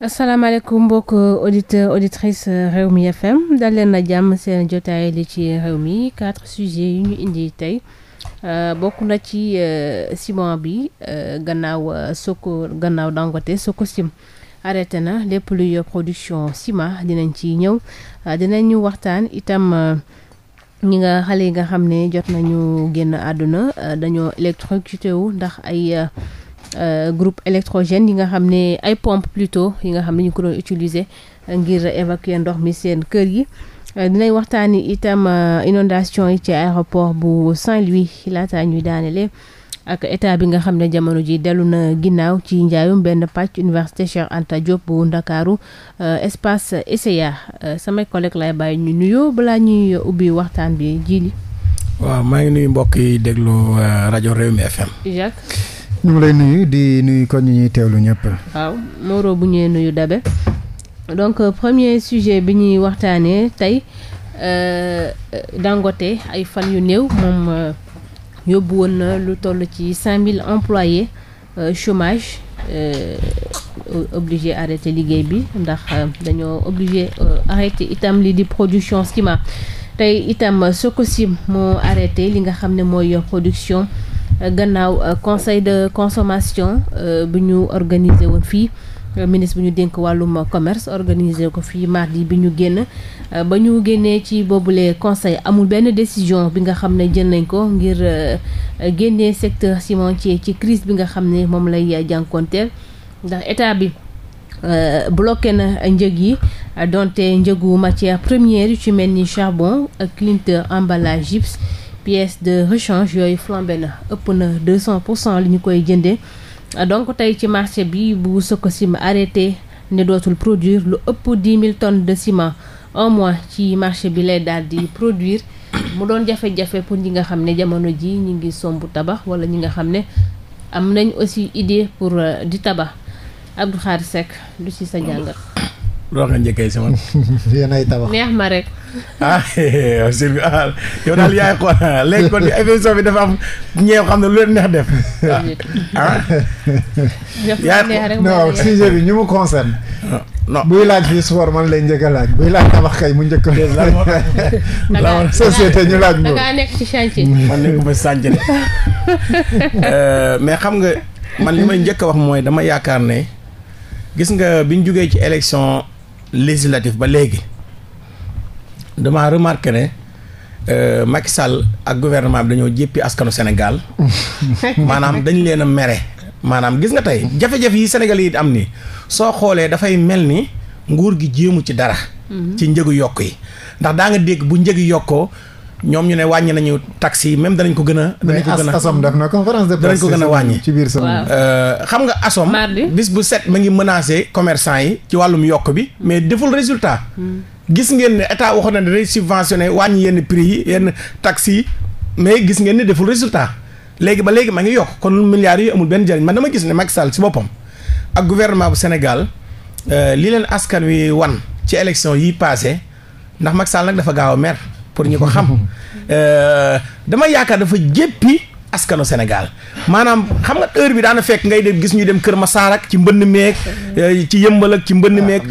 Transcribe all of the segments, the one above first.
asalaamaaleykum mbokk auditeur auditrice euh, réew mi FM dal leen na jàmm seen jotaay li ci réew mi quatre sujets yu ñu indi tey euh, bokk na ci euh, ciment bi gannaaw Soko gannaaw Dangote Socosim arrêté na lépp luy production ciment dinañ ci ñëw dinañ ñu waxtaan itam ñi nga xale yi nga xam ne jot nañu génn àdduna dañoo électrocuté wu ndax ay. Euh, groupe électrogène yi nga xam ne ay pompe plutôt yi nga xam ne ñu ko doon utiliser ngir évacuer ndox mi seen kër yi waxtaan euh, waxtaani itam euh, inondation yi ci aéroport bu Saint-Louis laata ñuy daane daanele ak état bi nga xam ne jamono ji dellu na ginnaaw ci njaayum benn pàcc université Cheikh Anta bu Ndakaaru espace ECA samay collègue lay bàyyi ñu nuyoo balaa ñuy ubbi waxtaan bi ji li waaw maa ngi nuyu mbokk yi déglu rajo Rewmi FM ñu ngi lay nuyu di nuyu kon ñu ñuy teewlu ñëpp. waaw Moreau bu ñuy nuyu Dabe donc euh, premier sujet bi ñuy waxtaanee tey euh, Dangote ay fan yu néew moom euh, yóbbu woon na lu toll ci cinq mille employés chômage obligé arrêté liggéey bi ndax dañoo obligé arrêté itam li di production Skima tey itam Sococim moo arrêté li nga xam ne mooy production. gannaaw euh, conseil de consommation euh, bu ñu organiser woon fii euh, ministre bu ñu dénk wàllum commerce organiser ko fii mardi bi ñu génn ba ñu génnee ci boobule conseil amul benn décision bi nga xam ne jël nañ ko ngir génnee secteur cimentier ci crise bi nga xam ne moom lay jànkonteel ndax état bi bloqué na njëg yi donte njëgu matière première yu ci mel ni charbon clinker emballage gypse pièce de rechange yooyu flambé na ëpp na 200 pour cent li ñu koy jëndee donc tey ci marché bi bu Sococim arrêté ne dootul produire lu ëpp 10 000 tonnes de ciment un mois ci marché bi lay daal di produire mu doon jafe-jafe pour ñi nga xam ne jamono ji ñu ngi somb tabax wala ñi nga xam ne am nañ aussi idée pour euh, di tabax Abdou Khadre Seck du ci sa jàngat. loolu nga njëkkee si man. yéen ay tabax neex ma rek. ah eh, Sylvie ah yow daal yaay xool léegi kon émission bi dafa am ñeew xam ne lu leen neex def. ah. yaay non sujet bi ñu mu concerne. Ah, non buy laaj fii sport man lay njëkk laaj buy laaj tabax kay mu njëkk a. la société ñu laaj moom da ngaa nekk ci chantier. Mm. man euh, mais xam nga man li may njëkk a wax mooy dama yaakaar ne. gis nga bi ñu jugee ci élection législatif ba léegi dama remarqué ne euh, ak gouvernement bi dañoo jéppi askanu Sénégal maanaam dañ leen a mere maanaam gis nga tey jafe-jafe yi Sénégal yi am ni soo xoolee dafay mel ni nguur gi jéemu ci dara mm-hmm. ci njëgu yokk yi ndax daa nga dégg bu njëgi yokkoo ñoom ñu ne wàññi nañu taxes yi même danañ ko gën a. danañ ko gën a ASOM def na conférence de presse ko gën a wàññi ci biir euh, xam nga ASOM. bis bu set ma ngi menacé commerçant yi ci wàllum yokk bi. Hmm. mais deful résultat. Hmm. gis ngeen ne état waxoon na ne day subventionné wàññi yenn prix yi yenn taxes yi mais gis ngeen ne deful résultat léegi ba léegi ma ngi yokk kon milliards yi amul benn njëriñ man ma gis ne Macky saal si boppam ak gouvernement bu Sénégal euh, li leen askan wi wan ci élection yi passé ndax Macky Sall nag dafa gaaw a mer pour ñu ko xam euh, dama yaakaar dafa jéppi askanu Sénégal maanaam xam nga heure bi daana fekk ngay dem gis ñu dem Kër Massar ak ci mbënd meek euh, ci yëmbal ak ci mbënd meek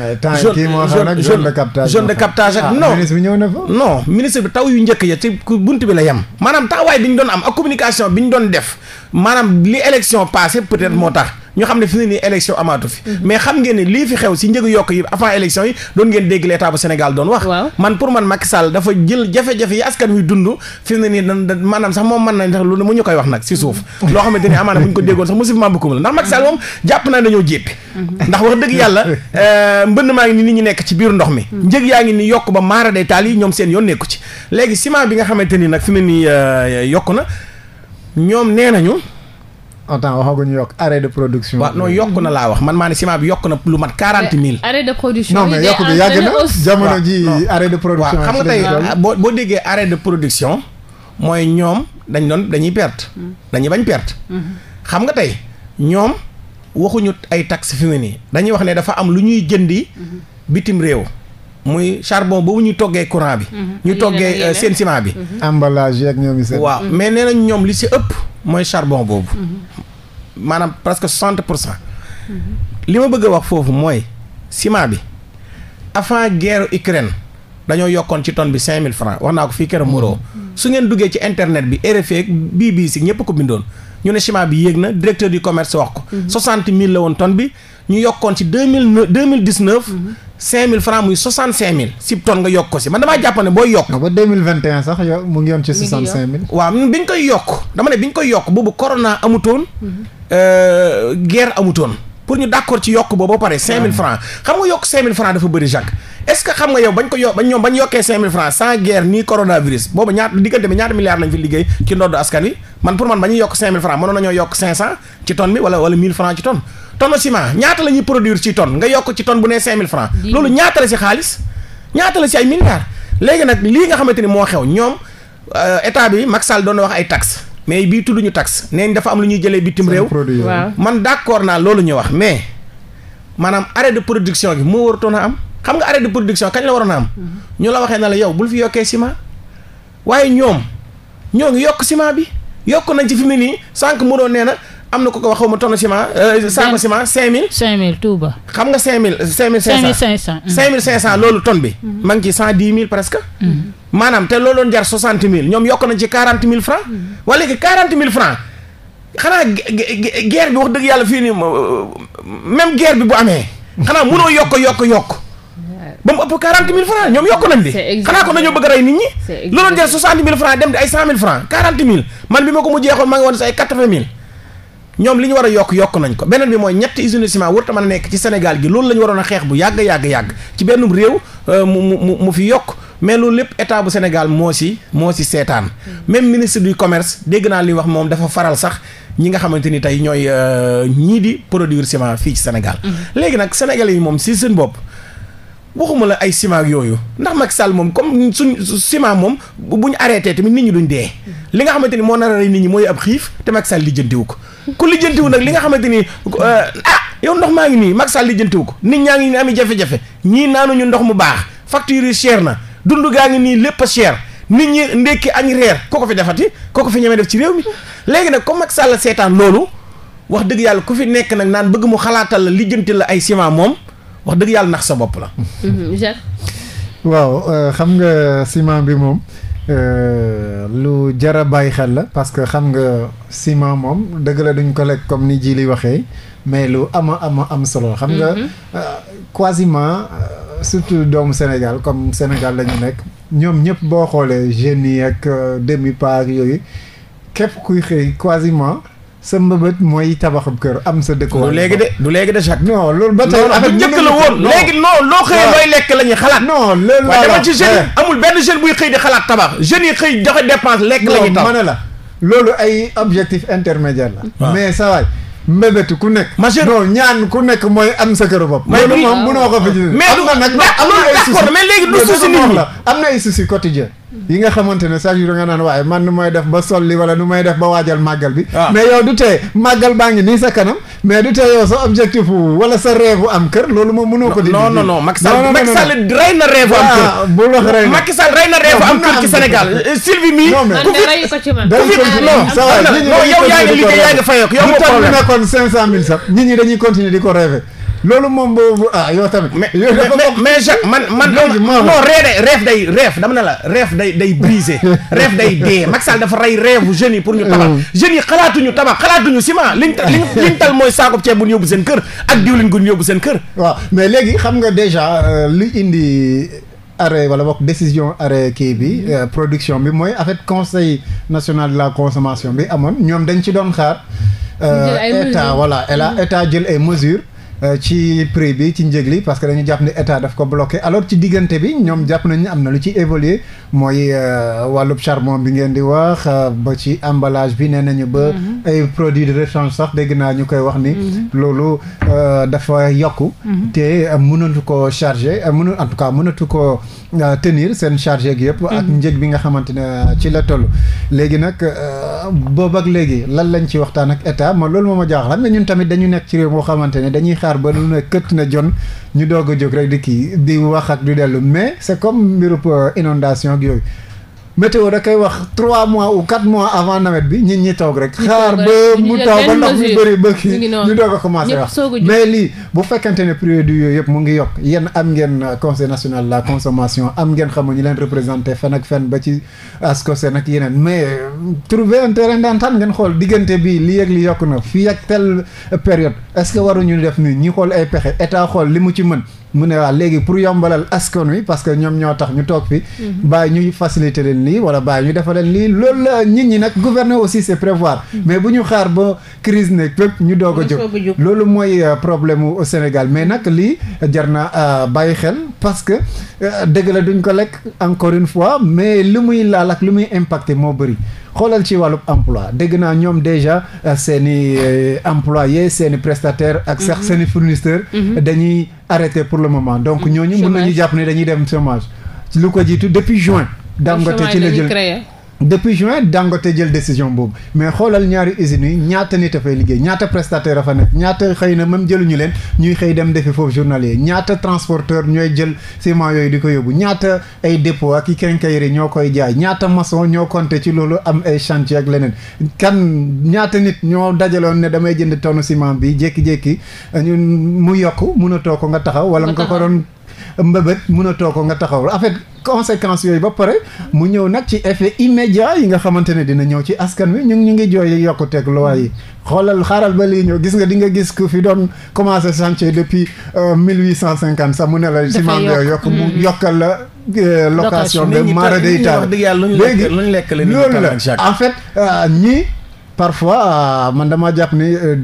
zone ah, de captage ak ah, non ministre bi ñëw na non ministre bi taw yu njëkk ya ci bunt bi la yem maanaam taxawaay bi ñu doon am a communication bi ñu doon def maanaam li élection passé peut-être moo tax ñu xam ne fi ne nii élection amaatu fi mhm. mais xam ngeen ne lii fi xew si njëgu yokk yi avant élection yi doon ngeen dégg l'état bu Sénégal doon wax man pour man Macky Sall dafa jël jafe-jafe yi askan wi dund fi ne nii da sax moom mën nañ tax lu koy wax nag si suuf mhm. loo xamante ni amaana bu ñu ko déggoon sax musiba bu kum la ndax Macky Sall moom jàpp naa dañoo jéppi mhm. ndax wax dëgg yàlla euh, mbënd maa ngi ni nit ñu nekk ci biir ndox mi njëg yaa ngi ni yokk ba maara day yi ñoom seen yoon nekku ci léegi ciment bi nga xamante ni nag fi ne nii euh, yokk na ñoom nee nañu. on attends waxaguñu yokk arrêt de production. waaw non yokk na laa wax man maa ne ciment bi yokk na lu mat quarante mille. arrêt de production non mais yokk bi yàgg na jamono ji arrêt de production. xam nga tey boo boo déggee arrêt de production mooy ñoom dañ doon dañuy perte. Mm. dañuy bañ perte. Mm-hmm. xam nga tey ñoom waxuñu ay taxes fi nii dañuy wax ne dafa am lu ñuy jëndi mm-hmm. bitim réew. muy charbon boobu ñu toggee courant bi. Mhm. ñu toggee euh, seen ciment bi. Mhm. emballage yeeg ñoom seen. waaw mhm. mais nee nañ ñoom li si ëpp mooy charbon boobu. maanaam presque soixante pour cent. li ma bëgg a wax foofu mooy ciment bi avant guerre Ukraine dañoo yokkoon ci ton bi cinq mille francs wax naa ko fii keroog Moreau. su ngeen duggee ci internet bi rf ak BBC ñëpp ko bindoon ñu ne ciment bi yéeg na directeur du commerce wax ko. soixante mille la woon tonne bi ñu yokkoon ci deux mille deux mille dix neuf. cinq mille francs muy soixante cinq mille sib ton nga yokk ko si man damaa jàpp ne yokk ba deux mille vingt sax yokk boobu corona amutoon mhm. euh, guerre amutoon pour ñu d'accord ci yokk boobu pare cinq mille francs xam nga yokk cinq mille francs dafa bëri nii coronavirus boobu ñaata diggante bi ñaata milliards lañ fi liggéey ci ndoddu askan wi man pour man ba ñuy yokk cinq mille francs mënoon nañoo yokk cinq cent ci tonne bi wala wala mille francs ci tonne ciment ñaata lañuy ñuy produire ci tonne nga yokk ci tonne bu nee 5000 francs loolu ñaata la si xaalis ñaata la si ay milliards léegi nag lii nga xamante ni moo xew ñoom euh, état bi Macky Sall doon na wax ay taxes mais bii tudduñu taxe nee dafa am lu ñuy jëlee bitim réew. man d'accord naa loolu ñu wax mais maanaam arrêt production bi moo waratoon a am xam nga arrêt de production kañ la waroon am. Mm-hmm. ñu la waxee na la yow bul fi yokkee sima waaye ñoom ñoo ngi yokk ciment bi yokk nañ ci fi mu nii sànq mu doon nee na. am na ku ko wax xaw ma tonne ciment. Euh, saako ciment 5000. 5000 Touba. xam nga 5000 5500. 5500 loolu tonne bi. Mm-hmm. maa ngi ci 110000 presque. Mm-hmm. maanaam te loolu doon jar 60000 ñoom yokk nañ ci 40000 francs mm-hmm. wala léegi 40000 francs xanaa guerre bi wax dëgg yàlla fii nii euh, même guerre bi bu amee. xanaa mënoo yokk yokk yokk. ba mu ëpp 40000 francs ñoom yokk nañ bi xanaa ko nañoo bëgg a rey nit ñi. loolu doon jar 60000 francs dem di ay 100000 francs 40000 man bi ma ko mujjee xool maa ngi woon si ay 80000. ñoom li ñu war a yokk yokk nañ ko beneen bi mooy ñett usines de ciment warut a a nekk ci Sénégal gi loolu la ñu waroon a xeex bu yàgg yàgg yàgg ci benn réew euh, mu mu mu fi yokk mais loolu lépp état bu Sénégal moo si moo si seetaan mm. même ministre du commerce dégg naa li wax moom dafa faral sax ñi nga xamante ni tey ñooy euh, ñii di produir ciment fii ci Sénégal. Mm. léegi nag sénégalais yi moom si seen bopp. waxuma la ay ciment yooyu ndax Macky Sall moom comme su ciment moom bu ñu arrêté tamit nit ñi duñ dee. Mm. li nga xamante ni moo a rey nit ñi mooy ab xiif te Macky Sall lijjantiwu ko. ku lijjantiwu nag li nga xamante ni eh, ah yow ndox maa ngi nii Macky Sall lijjantiwu ko nit ñaa ngi am jafe-jafe ñii naanuñu ndox mu baax facture yi cher na dund gaa ngi nii lépp a cher nit ñi ndekki añ reer ko ko fi defati ko ko fi ñemee def ci réew mi léegi nag comme Macky Sall seetaan loolu wax dëgg yàlla ku fi nekk nag naan bëgg mu xalaatal la lijjanti la ay ciment moom wax dëgg yàlla nax sa bopp la. Mhm. waaw euh, xam nga ciment bi moom. Euh, lu jar a bàyyi xel la parce que xam nga ciment moom dëgg la duñ ko lekk comme ni jii li waxee mais lu ama ama am solo xam nga mm-hmm. euh, quasiment euh, surtout doomu Sénégal comme Sénégal la ñu nekk ñoom ñëpp boo xoolee jeunes yi ak demi part yooyu képp kuy xëy quasiment sa mbëbët mooy tabaxub kër am sa dëkkuwaay. du léegi de du léegi de chaque. non loolu ba tey la woon. léegi non loo lekk la ñuy xalaat. non loolu waaw eh. amul benn jeune buy xëy di xalaat tabax jeunes yi xëy joxe dépense lekk la ñuy la loolu ay objectif intermédiaire la. mais sa waay. ku nekk. macha non ñaan ku nekk mooy am sa kër bopp. loolu moom mënoo ko fi. mais du am na nag am na ay soucis mais léegi du soucis nit ñi am na ay soucis yi nga xamante ne sa jour nga naan waaye man nu may def ba solli wala nu may def ba waajal màggal bi ah. mais yow du tee màggal baa ngi nii sa kanam mais du tee yow sa objectif wala sa rêve am kër loolu moom mënoo ko di non non non rey na rêve am kër ah, bu wax rey na Macky Sall rey na rêve am mii ku fi non sa waay non yow yaa ñu nekkoon cent mille sax nit ñi dañuy continuer di ko rêver loolu moom boobu ah yow tamit. mais mais man man man. non reef day reef dama ne la reef day day brisé reef day dee Macky Sall dafa rey reefu jeunes yi pour ñu tabax. Mm. jeunes yi xalaatuñu tabax xalaatuñu ciment liñ liñ tal mooy saako ceeb bu ñu yóbbu seen kër ak diwlin gu ñu yóbbu seen kër. waaw mais léegi xam nga déjà euh, li indi. arrêt wala bokk décision arrêt kii bi mm-hmm. euh, production bi mooy en fait conseil national de la consommation bi amoon ñoom dañ ci doon xaar euh, état voilà et là état jël ay mesures Euh, ci prix bi ci njëg li parce que dañu jàpp ne état daf ko bloqué alors ci diggante bi ñoom jàpp nañu am na lu ci évolué mooy euh, wàllub charbon bi ngeen di wax euh, ba ci emballage bi nee nañu ba mhm. ay produits de rechange sax dégg naa ñu koy wax ni mhm. loolu dafa yokku mhm. te mënatu ko chargé mënu en tout cas mënatu ko Euh, tenir seen chargé gi yëpp. ak mhm. njëg bi nga xamante ne euh, ci la toll. léegi nag euh, boobu ak léegi lan lañ ci waxtaan ak état ma loolu moom moo ma jaaxal mais ñun tamit dañu nekk ci réew moo xamante ne dañuy xaar ba lu ne kët na jon ñu doog a jóg rek di kii di wax ak du dellu mais c'est comme mbiru inondation ak yooyu. météo da koy wax trois mois ou quatre mois avant nawet bi ñi ñi taw rek. xaar ba mu taw ba ndox mu bëri ba kii ñu doog a commencé wax mais lii bu fekkente ne prix du yooyu yëpp mu ngi yokk yéen am ngeen conseil national la consommation am ngeen xam ñu leen représenté fan ak fenn ba ci ASCOSEN nag yeneen mais euh, trouver un terrain d'entente ngeen xool diggante bi li yëg yokk na fii ak telle période est-ce que waruñu def ni ñi xool ay pexe état xool li mu ci mën. mu ne waa léegi pour yombalal askon wi parce que ñoom ñoo tax ñu toog fi mhm. bàyyi ñuy faciliter leen lii wala bàyyi ñu defa leen lii loolu la nit ñi nag gouverner aussi c'est prévoir mhm. mais bu ñu xaar ba crise ne pépp ñu doog a jóg loolu mooy euh, problème au Sénégal mais nag lii jar na euh, bàyyi xel parce que euh, dëgg la duñ ko lekk encore une fois mais li muy laal ak lu muy impacter moo bëri xoolal ci wàllu emploi dégg naa ñoom déjà euh, seen i euh, employé seen i prestataire ak sax mm-hmm. seen i fournisseur mm-hmm. dañuy arrêté pour le moment donc mm-hmm. ñooñu mun nañu jàpp ni dañuy dem chômage lu ko jiitu depuis juin ah. daam ci la depuis juin Dangote jël décision boobu mais xoolal ñaari usines yi ñaata nit a fay liggéey ñaata prestataire a fa nekk ñaata xëy na même jëluñu leen ñuy xëy dem defi foofu journalier ñaata transporteur ñooy jël ciment yooyu di ko yóbbu ñaata ay dépôt ak i quincaillerie ñoo koy jaay ñaata maçon ñoo compter ci loolu am ay chantier ak leneen kan ñaata nit ñoo dajaloon ne damay jënd tonne ciment bi jékki-jékki mu yokk munatoo ko nga taxaw wala nga ko doon mbëbët mënatoo ko nga taxaw en fait conséquences yooyu ba pare mu ñëw nag ci effet immédiat yi nga xamante ne dina ñëw ci askan wi ñu ñu ngi jooy yokkuteeg loi yi xoolal xaaral ba lii ñëw gis nga di nga gis ku fi doon commencé chantier depuis euh, mille huit cent cinquante sax mu ne la ciment yooyu yokk mu mm-hmm. yokkal la euh, location de mara day taal léegi loolu la en fait euh, ñi parfois euh, man damaa jàpp ni euh,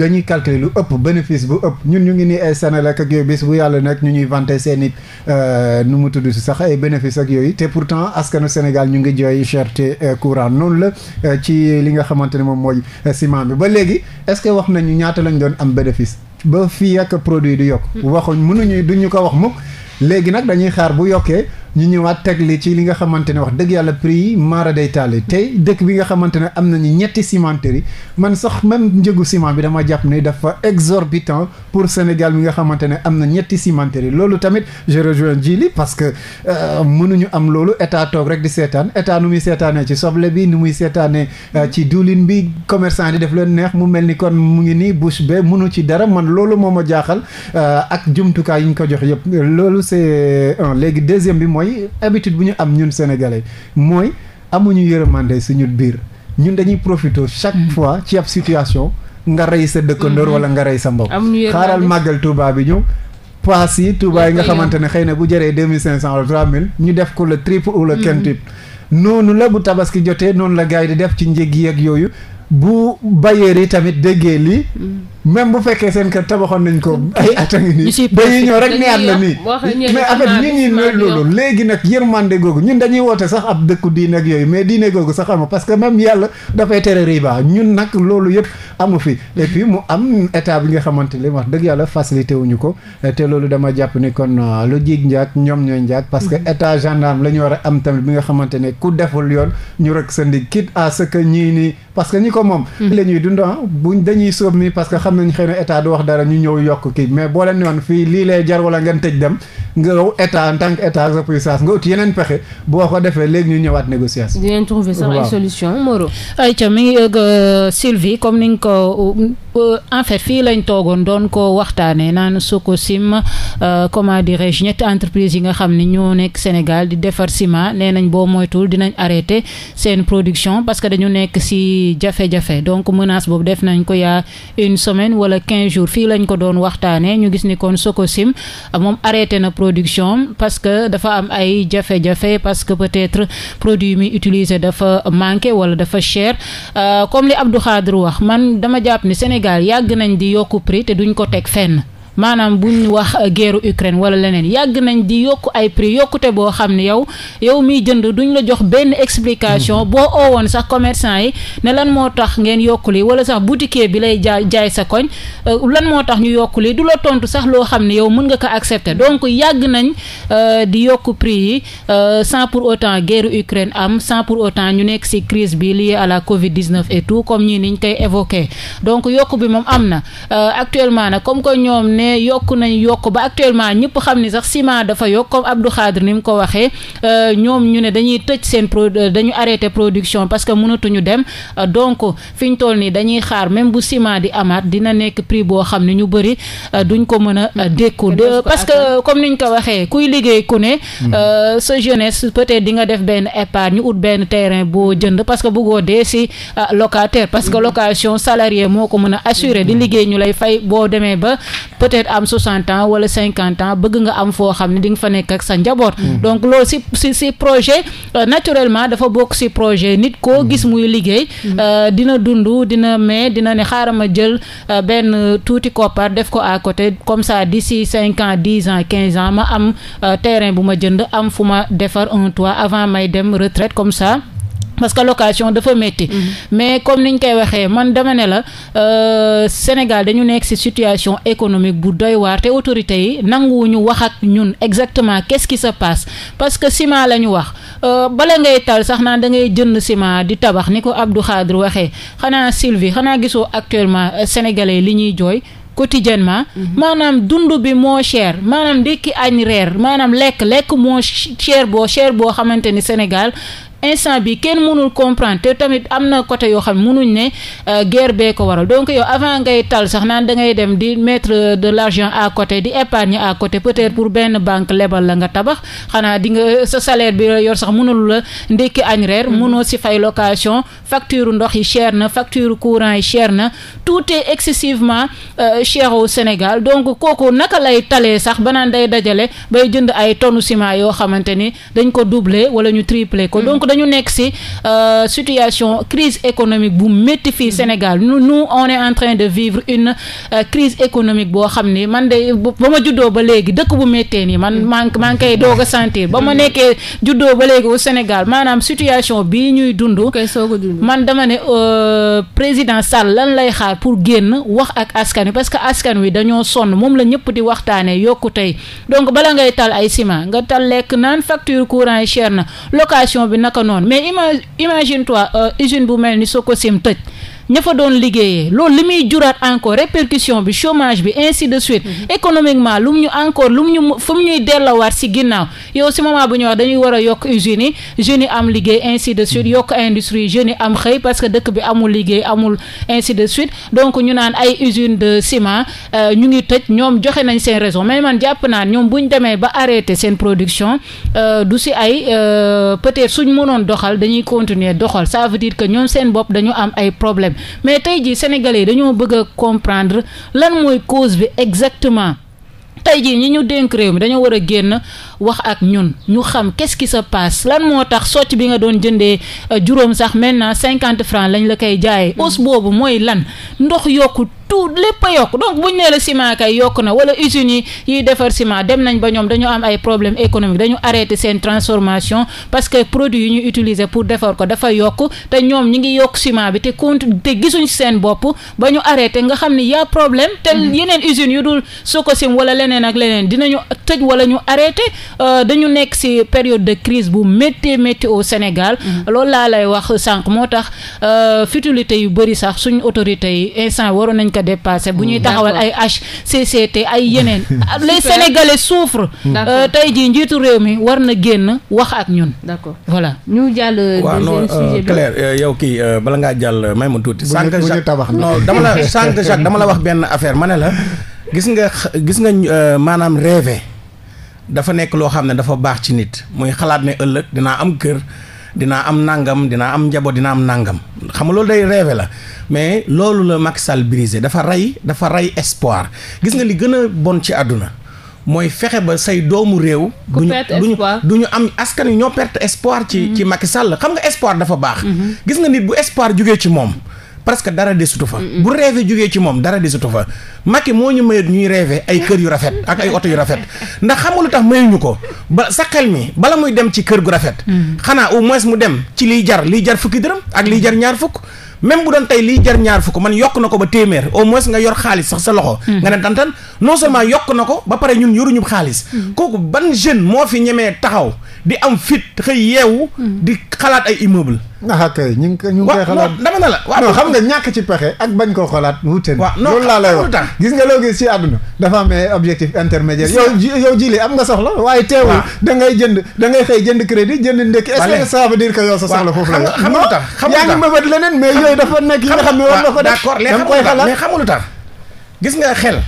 dañuy calculer lu ëpp bénéfice bu ëpp ñun ñu ngi nii ay Senelec ak yooyu bis bu yàlla nag ñu ñuy vanter seen i euh, nu mu tudd si sax ay bénéfice ak yooyu te pourtant askanu Sénégal ñu ngi jooy cherté courant noonu la ci li nga xamante ne moom mooy ciment bi ba léegi est-ce que wax nañu ñaata lañ doon am bénéfice ba fii ak produit du yokk hmm. waxuñ mënuñu duñu ko wax mukk léegi nag dañuy xaar bu yokkee ñu ñëwaat teg li ci li nga xamante ne wax dëgg yàlla prix yi maara day taale tey dëkk bi nga xamante ne am nañu ñetti cimenterie man sax même njëgu ciment bi dama jàpp ne dafa exorbitant pour Sénégal bi nga xamante ne am na ñetti cimenterie loolu tamit je rejoins Djily parce que euh, mënuñu am loolu état toog rek di seetaan état nu muy seetaanee ci soble bi nu muy seetaanee euh, ci diwlin bi commerçant yi def leen neex mu mel ni kon mu ngi nii bouche bee mënu ci dara man loolu moo ma jaaxal euh, ak jumtukaay yi ñu ko jox yëpp loolu bi mooy mooy habitude bu ñu am ñun sénégalais mooy amuñu yërëmande suñu biir ñun dañuy profité chaque mm. fois ci ab situation nga rey sa dëkkandoor mm-hmm. wala nga rey sa mbokk xaaral màggal Touba bi ñëw paas yi Touba yi nga xamante ne xëy na bu jëree deux mille cinq cent wala trois mille ñu def ko le triple ou le mm-hmm. quintuple noonu la bu tabaski jotee noonu la gars yi di def ci njëg yi yooyu bu bayeer yi tamit déggee lii mm. même bu fekkee seen kër tabaxoon nañ ko ay eh, at a ngi nii dañuy ñëw rek neex na nii mais en fait ñi ñi loolu léegi nag yërmande googu ñun dañuy woote sax ab dëkku diine ak yooyu mais diine googu sax ama parce que même yàlla dafay tere riba ñun nag loolu yëpp amu fi et puis mu am état bi nga xamante li wax dëgg yàlla facilité wuñu ko te loolu dama jàpp ni kon euh, lu jig njaag ñoom ñooy njaag parce que mm-hmm. état gendarme lañu war a am tamit bi nga xamante ne ku deful yoon ñu rek à xam nañ xëy na état du wax dara ñu ñëw yokk kii mais boo leen yoon fii lii lay jar wala nga état en nga ut yeneen pexe boo euh, comme ni nga ko euh, en fait fii lañ toogoon doon ko waxtaanee naan Sococim euh, comment dirais-je ñetti entreprise yi nga xam ne ñoo nekk Sénégal di defar ciment nee nañ boo moytuwul dinañ arrêté seen production parce que dañu nekk si jafe-jafe donc menace boobu def nañ ko yaa une semaine. semaine wala quinze jours fii lañ ko doon waxtaanee ñu gis ni kon Sococim moom arrêté na production parce que dafa am ay jafe-jafe parce que peut-être produit mi utiliser dafa manqué wala dafa cher euh, comme li Abdou Khadre wax man dama jàpp ni Sénégal yàgg nañ di yokku prix te duñ ko teg fenn. maanaam ñu wax euh, guerre Ukraine wala leneen yàgg nañ di yokk ay prix yokkute boo xam ne yow yow miy jënd duñ la jox benn explication mm-hmm. boo oowoon sax commercant yi ne lan moo tax ngeen yokk lii wala sax boutiquier bi lay jaay jaay sa koñ euh, lan moo tax ñu yokk du la tontu sax loo xam ne yow mën nga ko accepter donc yàgg nañ euh, di yokk prix yi sans pour autant guerre Ukraine am sans pour autant ñu nekk ci crise bi liée à la Covid-19 et tout comme ñii niñ koy évoqué donc yokk bi moom am na actuellement nag comme que ñoom ne yokk nañ yokk ba actuellement ñëpp xam ni sax ciment dafa yokk comme Abdou Khadre ni mu ko waxee euh, ñoom ñu ne dañuy tëj seen pro euh, dañu arrêté production parce que mënatuñu dem euh, donc fi ñu toll nii dañuy xaar même bu ciment di amaat dina nekk prix boo xam ne ñu bëri duñ ko mën a mm. dékku parce que comme niñ ko waxee kuy liggéey ku ne mm. sa jeunesse peut-être di nga def benn épargne ut benn terrain boo jënd parce que bëggoo dee si locataire parce que mm. location salarié moo ko mën a assurer di liggéey ñu lay fay boo demee ba peut-être am 60 ans wala 50 ans bëgg nga am foo xam ne di nga fa nekk ak sa njaboot. Hmm. donc loo si si si projet euh, naturellement dafa bokk si projet nit koo hmm. gis muy liggéey. Hmm. Euh, dina dund dina mais dina ne xaaral ma jël euh, benn tuuti koppar def ko à côté comme ça d'ici 5 ans dix ans quinze ans ma am terrain bu ma jënd am fu ma defar un toit avant may dem retraite comme ça. parce que location dafa métti. Mm-hmm. mais comme niñ koy waxee man dama ne la euh, Sénégal dañu nekk ci situation économique bu doy waar te autorités yi nanguwuñu wax ak ñun exactement qu'est-ce qui se passe parce que ciment la ñu wax euh, bala ngay tal sax naan da ngay jënd ciment di tabax ni ko Abdou Khadre waxee xanaa Sylvie xanaa gisoo actuellement euh, sénégalais li ñuy jooy. quotidiennement mm-hmm. maanaam dund bi moo cher maanaam ndékki añ reer maanaam lekk lekk moo cher boo cher boo xamante ni Sénégal instant bi kenn mënul comprendre te tamit am na côté yoo xam ne mënuñ ne euh, ger bee ko waral donc yow avant ngay tal sax naan dangay dem di mettre de l'argent à côté di épargne à côté peut-être pour benn banque lebal la nga tabax xanaa di nga sa salaire bi yor sax mënul la ndékki añ reer mm-hmm. mënoo si fay location facture ndox yi chair na facture courant yi chair na tout est excessivement euh, cher au Sénégal donc kooku naka lay talee sax banaan day dajale bay jënd ay tonnes ciment yoo xamante ni dañ ko doubler wala ñu tripler ko mm-hmm. donc dañu nekk ci euh, situation crise économique bu métti fii mm-hmm. Sénégal nous on est en train de vivre une euh, crise économique boo xam ni man de ba ma juddoo ba léegi dëkk bu méttee nii man maa mm-hmm. maa ngi koy doog a sentir ba ma mm-hmm. nekkee juddoo ba léegi au Sénégal maanaam situation bii ñuy dund man dama ne euh, président Sall lan lay xaar pour génn wax ak askan wi parce que askan wi dañoo sonn moom la ñëpp di waxtaanee yokku tey donc bala ngay tal ay ciment nga tal lekk naan facture courant yi cher na noonu mais ima imagine toi euh, usine bu mel ni Sococim tëj ña fa doon liggéeyee loolu li muy juraat encore répercussion bi chômage bi ainsi de suite mhm. économiquement lu mu ñu encore lu mu ñu fu mu ñuy dellawaat si ginnaaw yow si moment bu ñu wax dañuy war a yokk usines yi jeunes yi am liggéey ainsi de suite mhm. yokk industrie jeunes yi am xëy parce que dëkk bi amul liggéey amul ainsi de suite donc ñu naan ay usines de ciment euh, ñu ngi tëj ñoom joxe nañ seen raison mais man jàpp naa ñoom bu ñu demee ba arrêté seen production euh, du si ay euh, peut-être suñ mënoon doxal dañuy continuer doxal ça veut que ñoom seen bopp dañu am ay problème problème mais tey jii yi dañoo bëgg comprendre lan mooy cause bi exactement tey jii ñi ñu dénk réew mi dañoo war a génn wax ak ñun ñu xam qu'est-ce qui se passe lan moo tax socc bi nga doon jëndee euh, juróom sax maintenant cinquante francs lañ la koy jaayee. hausse boobu mooy lan ndox yokku tout lépp a yokk donc buñ nee la ciment kay yokk na wala usines yi yiy defar ciment dem nañ ba ñoom dañu am ay problème économique dañu arrêté seen transformation parce que produit yi ñu utiliser pour defar ko dafa yokk te ñoom ñi ngi yokk ciment bi te compte te gisuñ seen bopp ba ñu arrêté nga xam ne y a problème te mm-hmm. yeneen usines yu dul Sococim wala leneen ak leneen dinañu tëj wala ñu arrêté euh, dañu nekk ci période de crise bu métti métti au Sénégal mm-hmm. loolu laa lay wax sànq moo tax euh, futilité yu a dépassé bu ñuy mm. taxawal ay HCCT ay yeneen les sénégalais souffrent euh, tey jii njiitu réew mi war na génn wax ak ñun d'accord voilà ñu jàll waaw non euh, Claire euh, yow kii bala ngaa jàll may ma tuuti sànq tabax non dama la sànq Jacques dama la wax benn affaire ma ne la gis nga gis nga maanaam rêver dafa nekk loo xam ne dafa baax ci nit muy xalaat ne ëllëg dinaa am kër dinaa am nangam dinaa am njaboot dinaa am nangam xam nga loolu day rêve la mais loolu la Macky Sall brisé dafa rey dafa rey espoir gis nga li gën a bon ci àdduna mooy fexe ba say doomu réew. du ñu du ñu am askan wi ñoo perte espoir. ci ci Macky Sall xam nga espoir dafa baax. Mhm. gis nga nit bu espoir jugee ci moom. parce que dara desutu fa. bu rêve jógee ci moom dara desutu fa. Macky moo ñu mayut ñuy rêve ay kër yu rafet ak ay oto yu rafet ndax xamul lu tax mayuñu ko ba sa xel mi bala muy dem ci kër gu rafet. Mm. xanaa au moins mu dem ci liy jar liy jar fukki dërëm ak liy jar ñaar fukk. même bu daan tey liy jar ñaar fukk man yokk na ko ba téeméer au moins nga yor xaalis sax sa loxo. Hmm. nga ne tantan non seulement yokk na ko ba pare ñun yoruñu xaalis. Hmm. kooku ban jeune moo fi ñemee taxaw di am fit xëy yeewu. Hmm. di xalaat ay immeuble ah kay ñu na la waaw xam nga ñàkk ci pexe ak bañ koo xalaat wuute na loolu laa lay wax gis nga loo gis ci àdduna dafa am ay objectif intermédiaire waaye teewul da ngay jënd da jënd crédit jënd ndekki est-ce que sa soxla foofu la non yaa ngi mëbët leneen mais yooyu dafa nekk yi nga xam ne war na ko def d'accord gis nga xel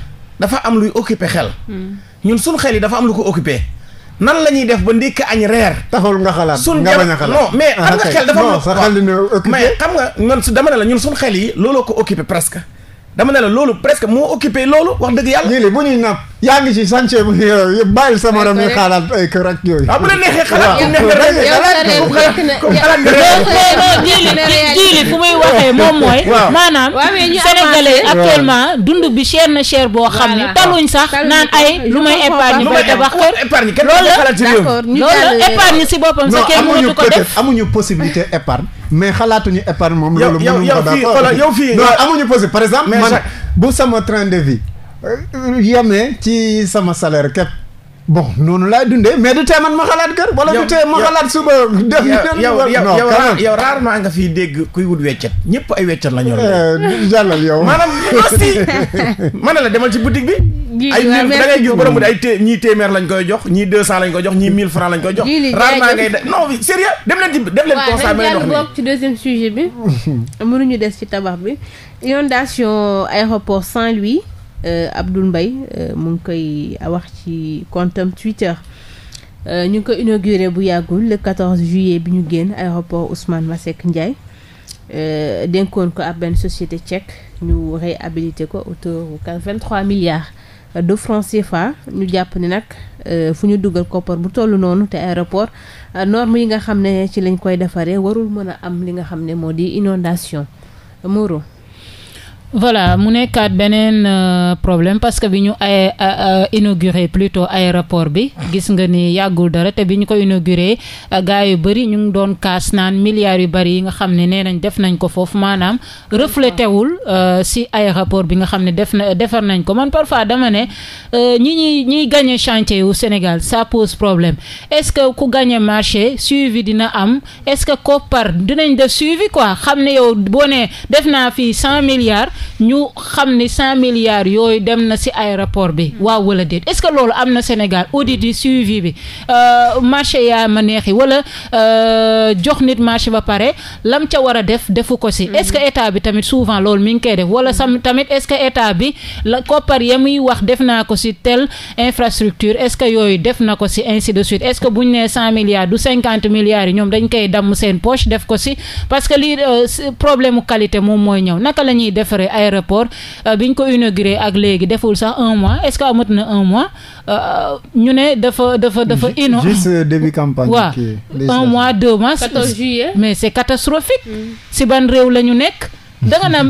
dafa am luy occuper xel hmm. ñun suñu xel yi dafa am lu ko occuper nan la ñuy def ba ndekk añ reer. taxul nga xalaat nga bañ a xalaat non mais. am nga ah, xel dafa mais xam nga ñun su dama la ñun suñ xel yi looloo ko occupé presque. dama ne la loolu presque moo occupé loolu wax dëgg yàlla. lii bu ñuy napp yaa ngi ci sànce bu yëpp bàyyil sa morom yi xalaat ay kër ak yooyu. Ah, bu la neexee xalaat yi muy waxee moom mooy. maanaam sénégalais actuellement dund bi cher na cher boo xam ne taluñ sax naan ay lu may épargne ba tabax kër. épargne kenn loolu la loolu si boppam sa kenn mënatu ko def amuñu possibilité épargne mais xalaatuñu épargne moom loolu mënuñu ko d'accord yow fii yow fii non amuñu possibilité par exemple man bu sama train de vie euh, yemee ci sama salaire képp bon noonu laay dundee mais du tee man ma xalaat kër wala du tee ma xalaat suba def yow yow rarement nga fiy dégg kuy wut weccet ñëpp ay weccet la ñor euh, jàllal yow maanaam si ma ne la demal ci boutique bi ay da ngay gis borom ay té ñii téeméer lañ koy jox ñii deux cent lañ koy jox ñii mille francs lañ koy jox rarement ngay de non sérieux dem leen ci dem leen constat may dox ci deuxième bi mënuñu des ci tabax bi inondation aéroport saint euh, euh, mu ngi koy wax ci comptam Twitter euh, ñu ngi ko inauguré bu yàggul le 14 juillet bi ñu génn aéroport Ousmane Masseck Ndiaye dénkoon ko ab benn société tchèque ñu réhabilité ko autour de 23 milliards de francs CFA ñu jàpp ni nag euh, fu ñu dugal koppar bu toll noonu te aéroport euh, norme yi nga xam ne ci lañ koy defaree warul mën a am li nga xam ne moo di inondation moro voilà mu nekkaat beneen euh, problème parce que bi ñu ay inauguré plutôt aéroport bi gis nga ni yàggul dara te bi ñu ko inauguré euh, gars yu bëri ñu ngi doon kaas naan milliards yu bëri yi nga xam ne nee nañ def nañ ko foofu maanaam reflété wul euh, si aéroport bi nga xam ne def na defar nañ ko man parfois dama ne euh, ñi ñuy ñiy gagné chantier yu Sénégal ça pose problème est-ce que ku gagné marché suivi dina am est-ce que koppar dinañ def suivi quoi xam ne yow boo nee def naa fii cent milliards. ñu xam ni cent milliards yooyu dem na si aéroport bi hmm. waaw wala déet est-ce que loolu am na Sénégal audit yi suivi bi euh, marché yaa ma neex neexi wala euh, jox nit marché ba pare lam ca war a def defu ko si est-ce que hmm. état bi tamit souvent loolu mi ngi koy def wala sam hmm. tamit est-ce que état bi la koppar ya muy wax def naa ko si telle infrastructure est-ce que yooyu def na ko si ainsi de suite est-ce que nee cent milliards du cinquante milliards yi ñoom dañ koy damm seen poche def ko si parce que lii euh, problème mu qualité moom mooy ñëw naka la inauguré aéroport euh, biñ ko inauguré ak léegi deful sax un mois est-ce que amat na un mois euh, ñu ne dafa dafa dafa ino juste début campagne waaw un mois deux mois 14 juillet mais c'est catastrophique mm. si ban réew la ñu nekk danga naan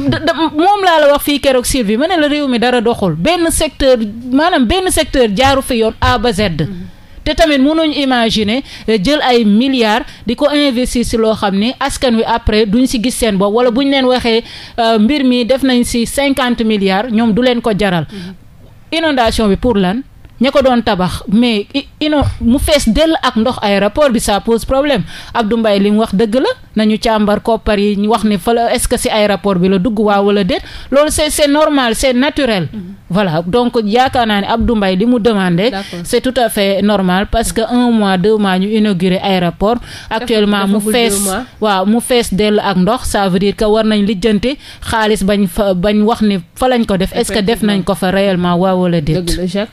moom laa la wax fii keroog bi ma ne la réew mi dara doxul benn secteur maanaam benn secteur jaaru fi yoon A ba Z mm-hmm. te tamit mënuñu imaginer eh, jël ay milliards di ko investir si loo xam ni askan wi après duñ si gis seen bopp wala buñ leen waxee euh, mbir mi def nañ si cinquante milliards ñoom du leen ko jaral mm-hmm. inondation bi pour lan ña ko doon tabax mais ino mu fees dell ak ndox aéroport bi ça pose problème Abdou Mbaye li mu wax dëgg la nañu càmbar koppar yi ñu wax ni fa est-ce que si aéroport bi la dugg waa wala déet loolu c'est normal c'est naturel mm-hmm. voilà donc yaakaar naa ne Abdou Mbaye li mu demandé c'est tout à fait normal parce que un mois deux mois ñu inauguré aéroport actuellement mu fees waaw mu fees dell ak ndox ça que war nañ lijjanti xaalis bañ fa bañ wax ne fa lañ ko def est-ce que def nañ ko fa réellement waawala wala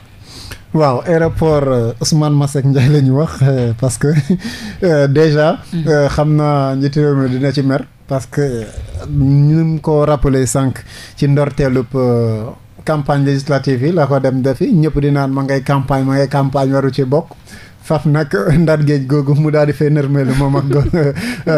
waaw aéroport euh, Ousmane Masseck Ndiaye la ñu wax euh, parce que euh, déjà. Mm. xam naa njiitu réew dina ci mer. parce que ko rappelé sànq ci ndorteelub campagne législative yi la ko dem defi ñëpp di naan ma ngay campagne ma ngay campagne waru ci bokk faf nag ndaat géej googu mu daal di fay nërmeelu moom ak euh,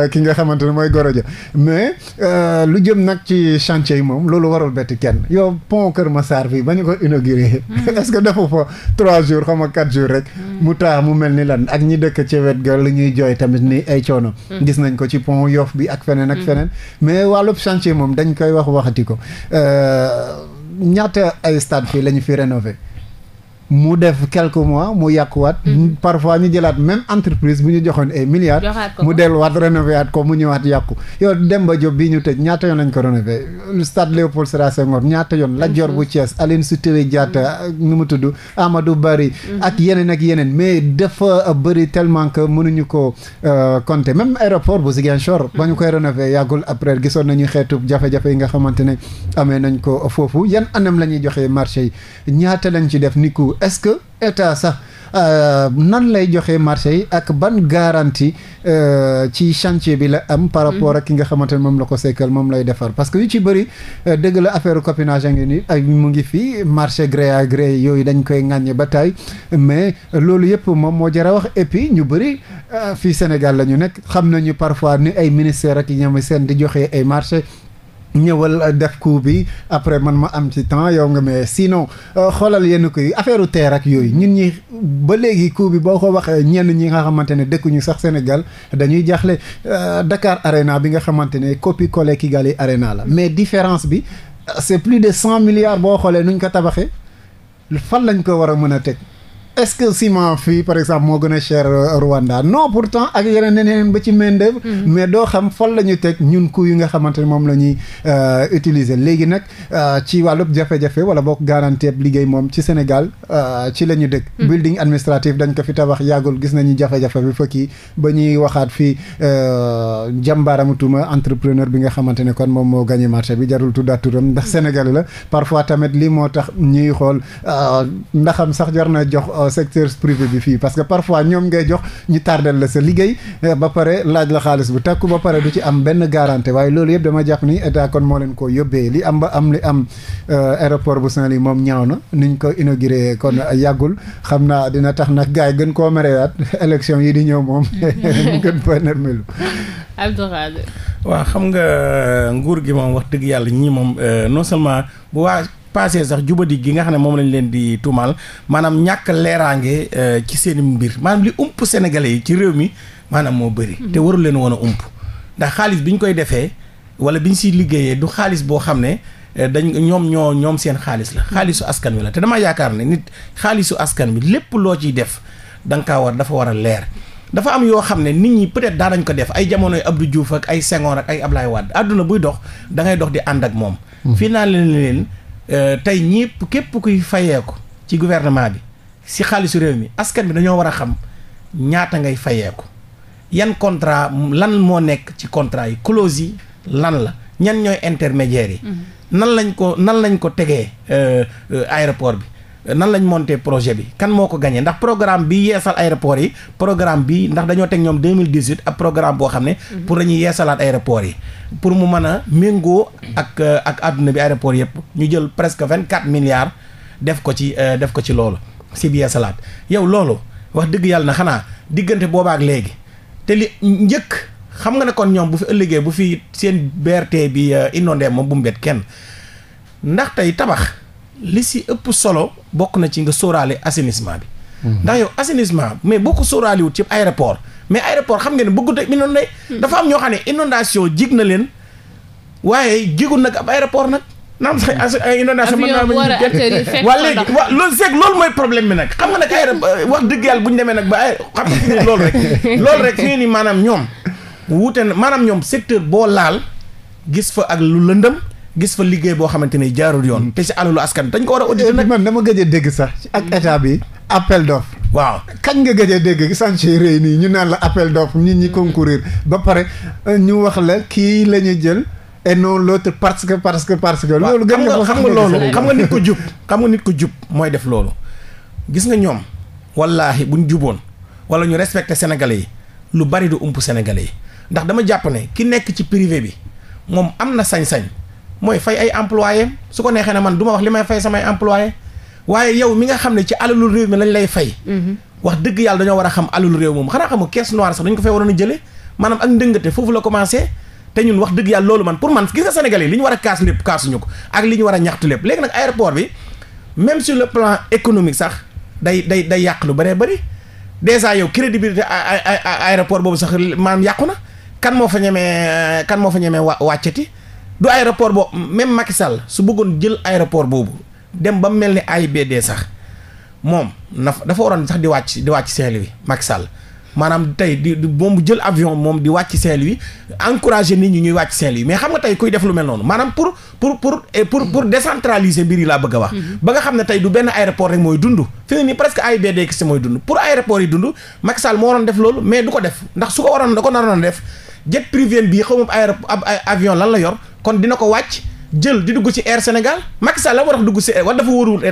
ki nga xamante ne mooy goroja mais euh, lu jëm nag ci chantier yi moom loolu warul bett kenn yow pont Kër Massar bi ba ñu ko inauguré hmm. est defu fa trois jours xaw ma quatre jours rek hmm. mu taa mu mel ni lan ak ñi dëkk ci ga lu ñuy jooy tamit ni ay coono hmm. gis nañ ko ci pont Yoff bi ak feneen ak feneen mais wàllub chantier moom dañ koy wax waxati ko euh, ñaata ay stade fii la ñu fi rénové mu def quelques mois mu yàquwaat. Mhm. parfois ñu jëlaat même entreprise bu ñu joxoon ay milliards. mu delluwaat rénové at ko mu ñëwaat yàqu. yow Demba Diop bi ñu tëj ñaata yoon lañ ko rénové stade Léopold Sédar Senghor ñaata yoon. Lat Dior bu mhm. Thiès Aline Sitoé Diatta mhm. nu mu tudd Amadou Barry ak yeneen ak yeneen mais dafa bëri tellement que mënuñu ko euh, compter même aéroport bu Ziguinchor. ba ñu koy rénové yàggul après gisoon nañu xeetu jafe yi nga xamante ne amee nañ ko foofu yan anam la ñuy joxee marché yi ñaata lañ ci def ni boobu est-ce que état sax euh, nan lay joxe marché yi ak ban garantie euh, ci chantier bi la am. par mhm. rapport ak ki nga xamante ne moom la ko sekkal moom lay defar parce que yu ci bëri euh, dëgg la affaire copinage a ngi nii ak mu ngi fi marché gré à gré yooyu dañ koy ŋàññe ba tey mais loolu yëpp moom moo jar a wax puis ñu bëri fii Sénégal la ñu nekk xam nañu parfois ni ay ministère ak ñoom seen di joxe ay marché ñëwal euh, def coup bi après man ma am ci temps yow nga mais sinon euh, xoolal yenn ko yi affaire terre ak yooyu ñun ñi ba léegi coup bi boo ko waxee ñenn ñi nga xamante ne dëkkuñu sax Sénégal dañuy jaaxle euh, dakaar Arena bi nga xamante ne copie collé Kigali Arena la mais différence bi c'est plus de cent milliards boo xoolee nuñ ko tabaxee fan lañ ko war a mën a teg. est-ce que ciment fii par exemple moo gën a cher euh, Rwanda non pourtant ak yeneen neneen ba ci main hmm. mais doo xam fan la ñu teg ñun ku yi nga xamante ne moom la ñuy euh, utiliser léegi nag euh, ci wàllu jafe-jafe wala boo ko garanteeb liggéey moom ci Sénégal ci la ñu dëkk hmm. building administratif dañ ko fi tabax yàggul gis nañu jafe-jafe bi fa kii ba ñuy waxaat fii jàmbaaramutuma entrepreneur bi nga xamante ne kon moom moo gagné marché bi jarul tuddaat turam ndax hmm. Sénégal la tamit lii moo tax ñuy xool ndaxam sax na jox au euh, secteur privé bi fii parce que parfois ñoom ngay jox ñu tardel la sa liggéey euh, ba pare laaj la xaalis bu takku ba pare du ci am benn garantie waaye loolu yëpp dama jàpp ni état kon moo leen ko yóbbee li am ba am li am euh, aéroport bu Saint-Louis moom ñaaw na niñ ko inauguré kon yàggul xam naa dina tax nag gars yi gën koo merewaat élection yi di ñëw moom mu gën fa nermelu Abdourahmane waaw xam nga nguur gi moom wax dëgg yàlla ñii moom non seulement bu waa passé sax jubadi gi nga xam ne moom lañ leen di tuumaal maanaam ñàkk leeraange euh, ci seen mbir maanaam li ump sénégalais yi ci réew mi maanaam moo bëri. Mhm. te warul leen woon a ump ndax xaalis bi ñu koy defee wala bi ñu siy liggéeyee du xaalis boo xam ne. Euh, dañ nga ñoom ñoo ñoom seen xaalis la xaalisu mhm. askan wi la te damaa yaakaar ne nit xaalisu askan wi lépp loo ciy def da nga kaa war dafa war a leer dafa am yoo xam ne nit ñi peut-être nañ ko def ay jamono Abdou Diouf ak ay Senghor ak ay Ablaye Wade buy dox da dox di ànd ak moom mhm. fii naa leen leen Euh, tey ñëpp képp kuy fayeeku ci gouvernement bi si xaalisu réew mi askan bi dañoo war a xam ñaata ngay fayeeku yan contrat lan moo nekk ci contrat yi clause yi lan la ñan ñooy intermédiaires yi mm-hmm. nan lañ ko nan lañ ko tegee euh, euh, aéroport bi nan lañ monte projet bi kan moo ko gañee ndax programme bi yeesal aéroport yi programme bi ndax dañoo teg ñoom 2018 ak programme boo xam ne mhm. pour dañuy yeesalaat aéroport yi pour mu mën a méngoo ak euh, ak adduna bi aéroport yëpp ñu jël presque vingt quatre milliards def ko ci euh, def ko ci loolu si bi yeesalaat yow loolu wax dëgg yàlla na xanaa diggante boobaak léegi te li njëkk xam nga ne kon ñoom bu fi ëllëgee bu fi seen BRT bi euh, inondé moom bu mbet kenn ndax tey tabax li si ëpp solo bokk na ci nga sóoraale assainissement bi. ndax yow assainissement mais boo ko sóoraale wut ci aéroport mais aéroport xam nga ne bëggut a inondé dafa am ñoo xam inondation jig na leen waaye jigul nag ab aéroport nag. naam sax ay inondation mën naa ma waa léegi waa loolu seeg loolu mooy problème bi nag xam nga nag aéroport euh, wax dëgg yàlla bu ñu demee nag ba ay xam nga loolu rek loolu rek fii nii maanaam ñoom wutee na maanaam ñoom secteur boo laal gis fa ak lu lëndëm gis fa liggéey boo xamante ni jaarul yoon. te si alalu askan dañ ko war a auditer eh, nag. man dama gëj dégg sax ak état bi. appel d'offre. waaw kañ nga gëj a dégg chantier réy nii ñu naan la appel d'offre nit ñi concourir ba pare euh, ñu wax la kii la ñu jël. et non l'autre parce que parce que parce que. loolu gën nga xam nga loolu xam nga nit ko jub. xam nga nit ko jub mooy def loolu. gis nga ñoom. wallaahi buñ juboon. wala ñu respecté sénégalais yi. lu bari du ump sénégalais yi. ndax dama jàpp ne ki nekk ci privé bi moom am na sañ-sañ. mooy fay ay employé su ko neexee ne man duma wax li may fay samay employé waaye yow mi nga xam ne ci alalu réew mi lañ lay fay. Mhm. wax dëgg yàlla dañoo war a xam alalu réew moom xanaa xamu kes noire sax dañ ko fay waroon a jëlee maanaam ak ndëngate foofu la commencé. te ñun wax dëgg yàlla loolu man pour man gis nga sénégalais li ñu war a kaas lépp kaasuñu ko ak li ñu war a ñaxtu lépp léegi nag aéroport bi même sur le plan économique sax day day day yàq lu bëree bëri dèjà yow crédibilité aéroport boobu sax maanaam yàqu na kan moo fa ñemee kan moo fa ñemee wàccati du aéroport boobu même Macky su bëggoon jël aéroport boobu dem ba mel ni AIBD sax moom na dafa waroon sax di wàcc di wàcc Saint-Louis Macky Sall maanaam tey di moom jël avion moom di wàcc seen louis encouragé nit ñi ñuy wàcc Saint-Louis mais xam nga tey kuy def lu mel noonu maanaam pour pour pour pour pour décentraliser mbir yi laa bëgg a wax. ba nga xam ne tey du benn aéroport rek mooy dund. fi ne nii presque AIBD kese mooy dund pour aéroport yi dund Macky Sall moo waroon def loolu mais du ko def ndax su ko waroon da ko naroon def jet privé bi xaw ma ab avion lan la yor. kon dina ko wàcc jël di dugg ci Air Sénégal Macky la war a dugg ci Air wala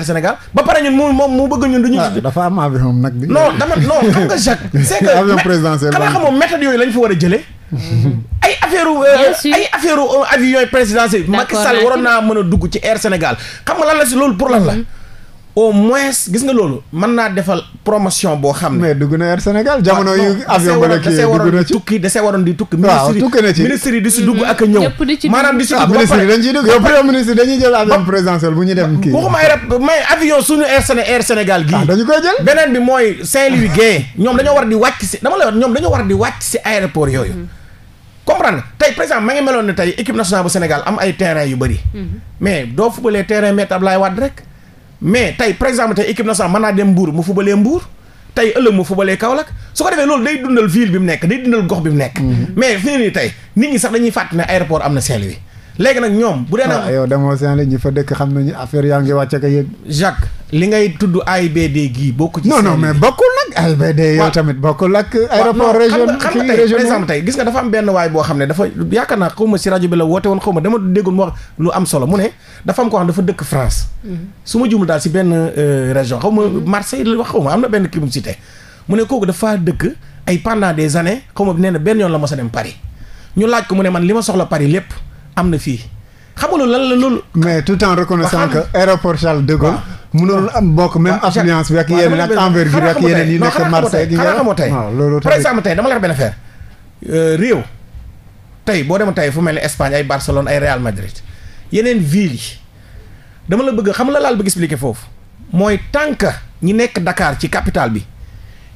Sénégal ba pare ñun moom moom mu bëgg ñun. duñu ñu ah, dafa ma avion nag. non dama non xam nga Jacques. c'est que avion présidentiel xanaa xamoo méthode yooyu lañ fa war a jëlee. Mm-hmm. ay affaire euh, ay affaire euh, avion présidentiel. waroon naa mën a dugg ci Air Sénégal xam nga lan la si loolu pour lan la. Mm-hmm. au moins gis nga loolu mën naa defal promotion boo xam ne. mais dugg na Air Sénégal jamano yu ah, avion ba la kii dugg na ci tukki da see waroon di ah, dañuy jël avion ah, beneen bi mooy Saint-Louis Guèye ñoom dañoo war di wàcc si dama la ñoom dañoo war di wàcc si aéroport yooyu. Hmm. comprendre tey par exemple ngi meloon ne tey équipe nationale bu Sénégal am ay terrain yu bëri hmm. mais doo fubalee terrain maître Ablaye Wade rek mais tey par exemple tey équipe nationale mën naa dem Mbour mu fubalee Mbour tey ëllëg mu lee Kaolack su ko defee loolu day dundal ville bi mu nekk day dundal gox bi mu nekk mm-hmm. mais fii nii tey nit ñi sax dañuy fàtt ne aéroport am na Saint-Louis léegi nag ñoom bu dee nag ah, yow demoo Saint-Louis ñi fa dëkk xam nañu affaire yaa ngi wàcc ak yéeg Jacques li ngay tudd AIBD gii bokk ci non non mais bokkul nag AIBD yow tamit bokkul ak aéroport région xam nga tey par exemple tey gis nga dafa am benn waay boo xam ne dafa yaakaar naa xaw ma si rajo bi la woote woon xaw ma dama déggul mu wax lu am solo mu ne dafa am ko xam dafa dëkk France mhm. su ma jumul daal si benn euh, région xaw ma Marseille la wax xaw ma am na benn kii bu mu cité mu ne kooku dafa dëkk ay pendant des années xaw ma nee na benn yoon la mos a dem Paris ñu laaj ko mu ne man li ma soxla Paris lépp am na fii xam nga loolu lan la loolu. mais tout en reconnaissant que aéroport Charles de Gaulle. mënoon am bokk même affluence bi ak yeneen ak envergure ak yeneen yi nekk Marseille gi nga xamoo tey loolu par exemple tey dama la wax réew euh, tey boo demoon tey fu mel ni Espagne ay Barcelone ay Real Madrid yeneen ville dama la bëgg xam la laal bëgg expliquer foofu mooy tànk ñi nekk Dakar ci capital bi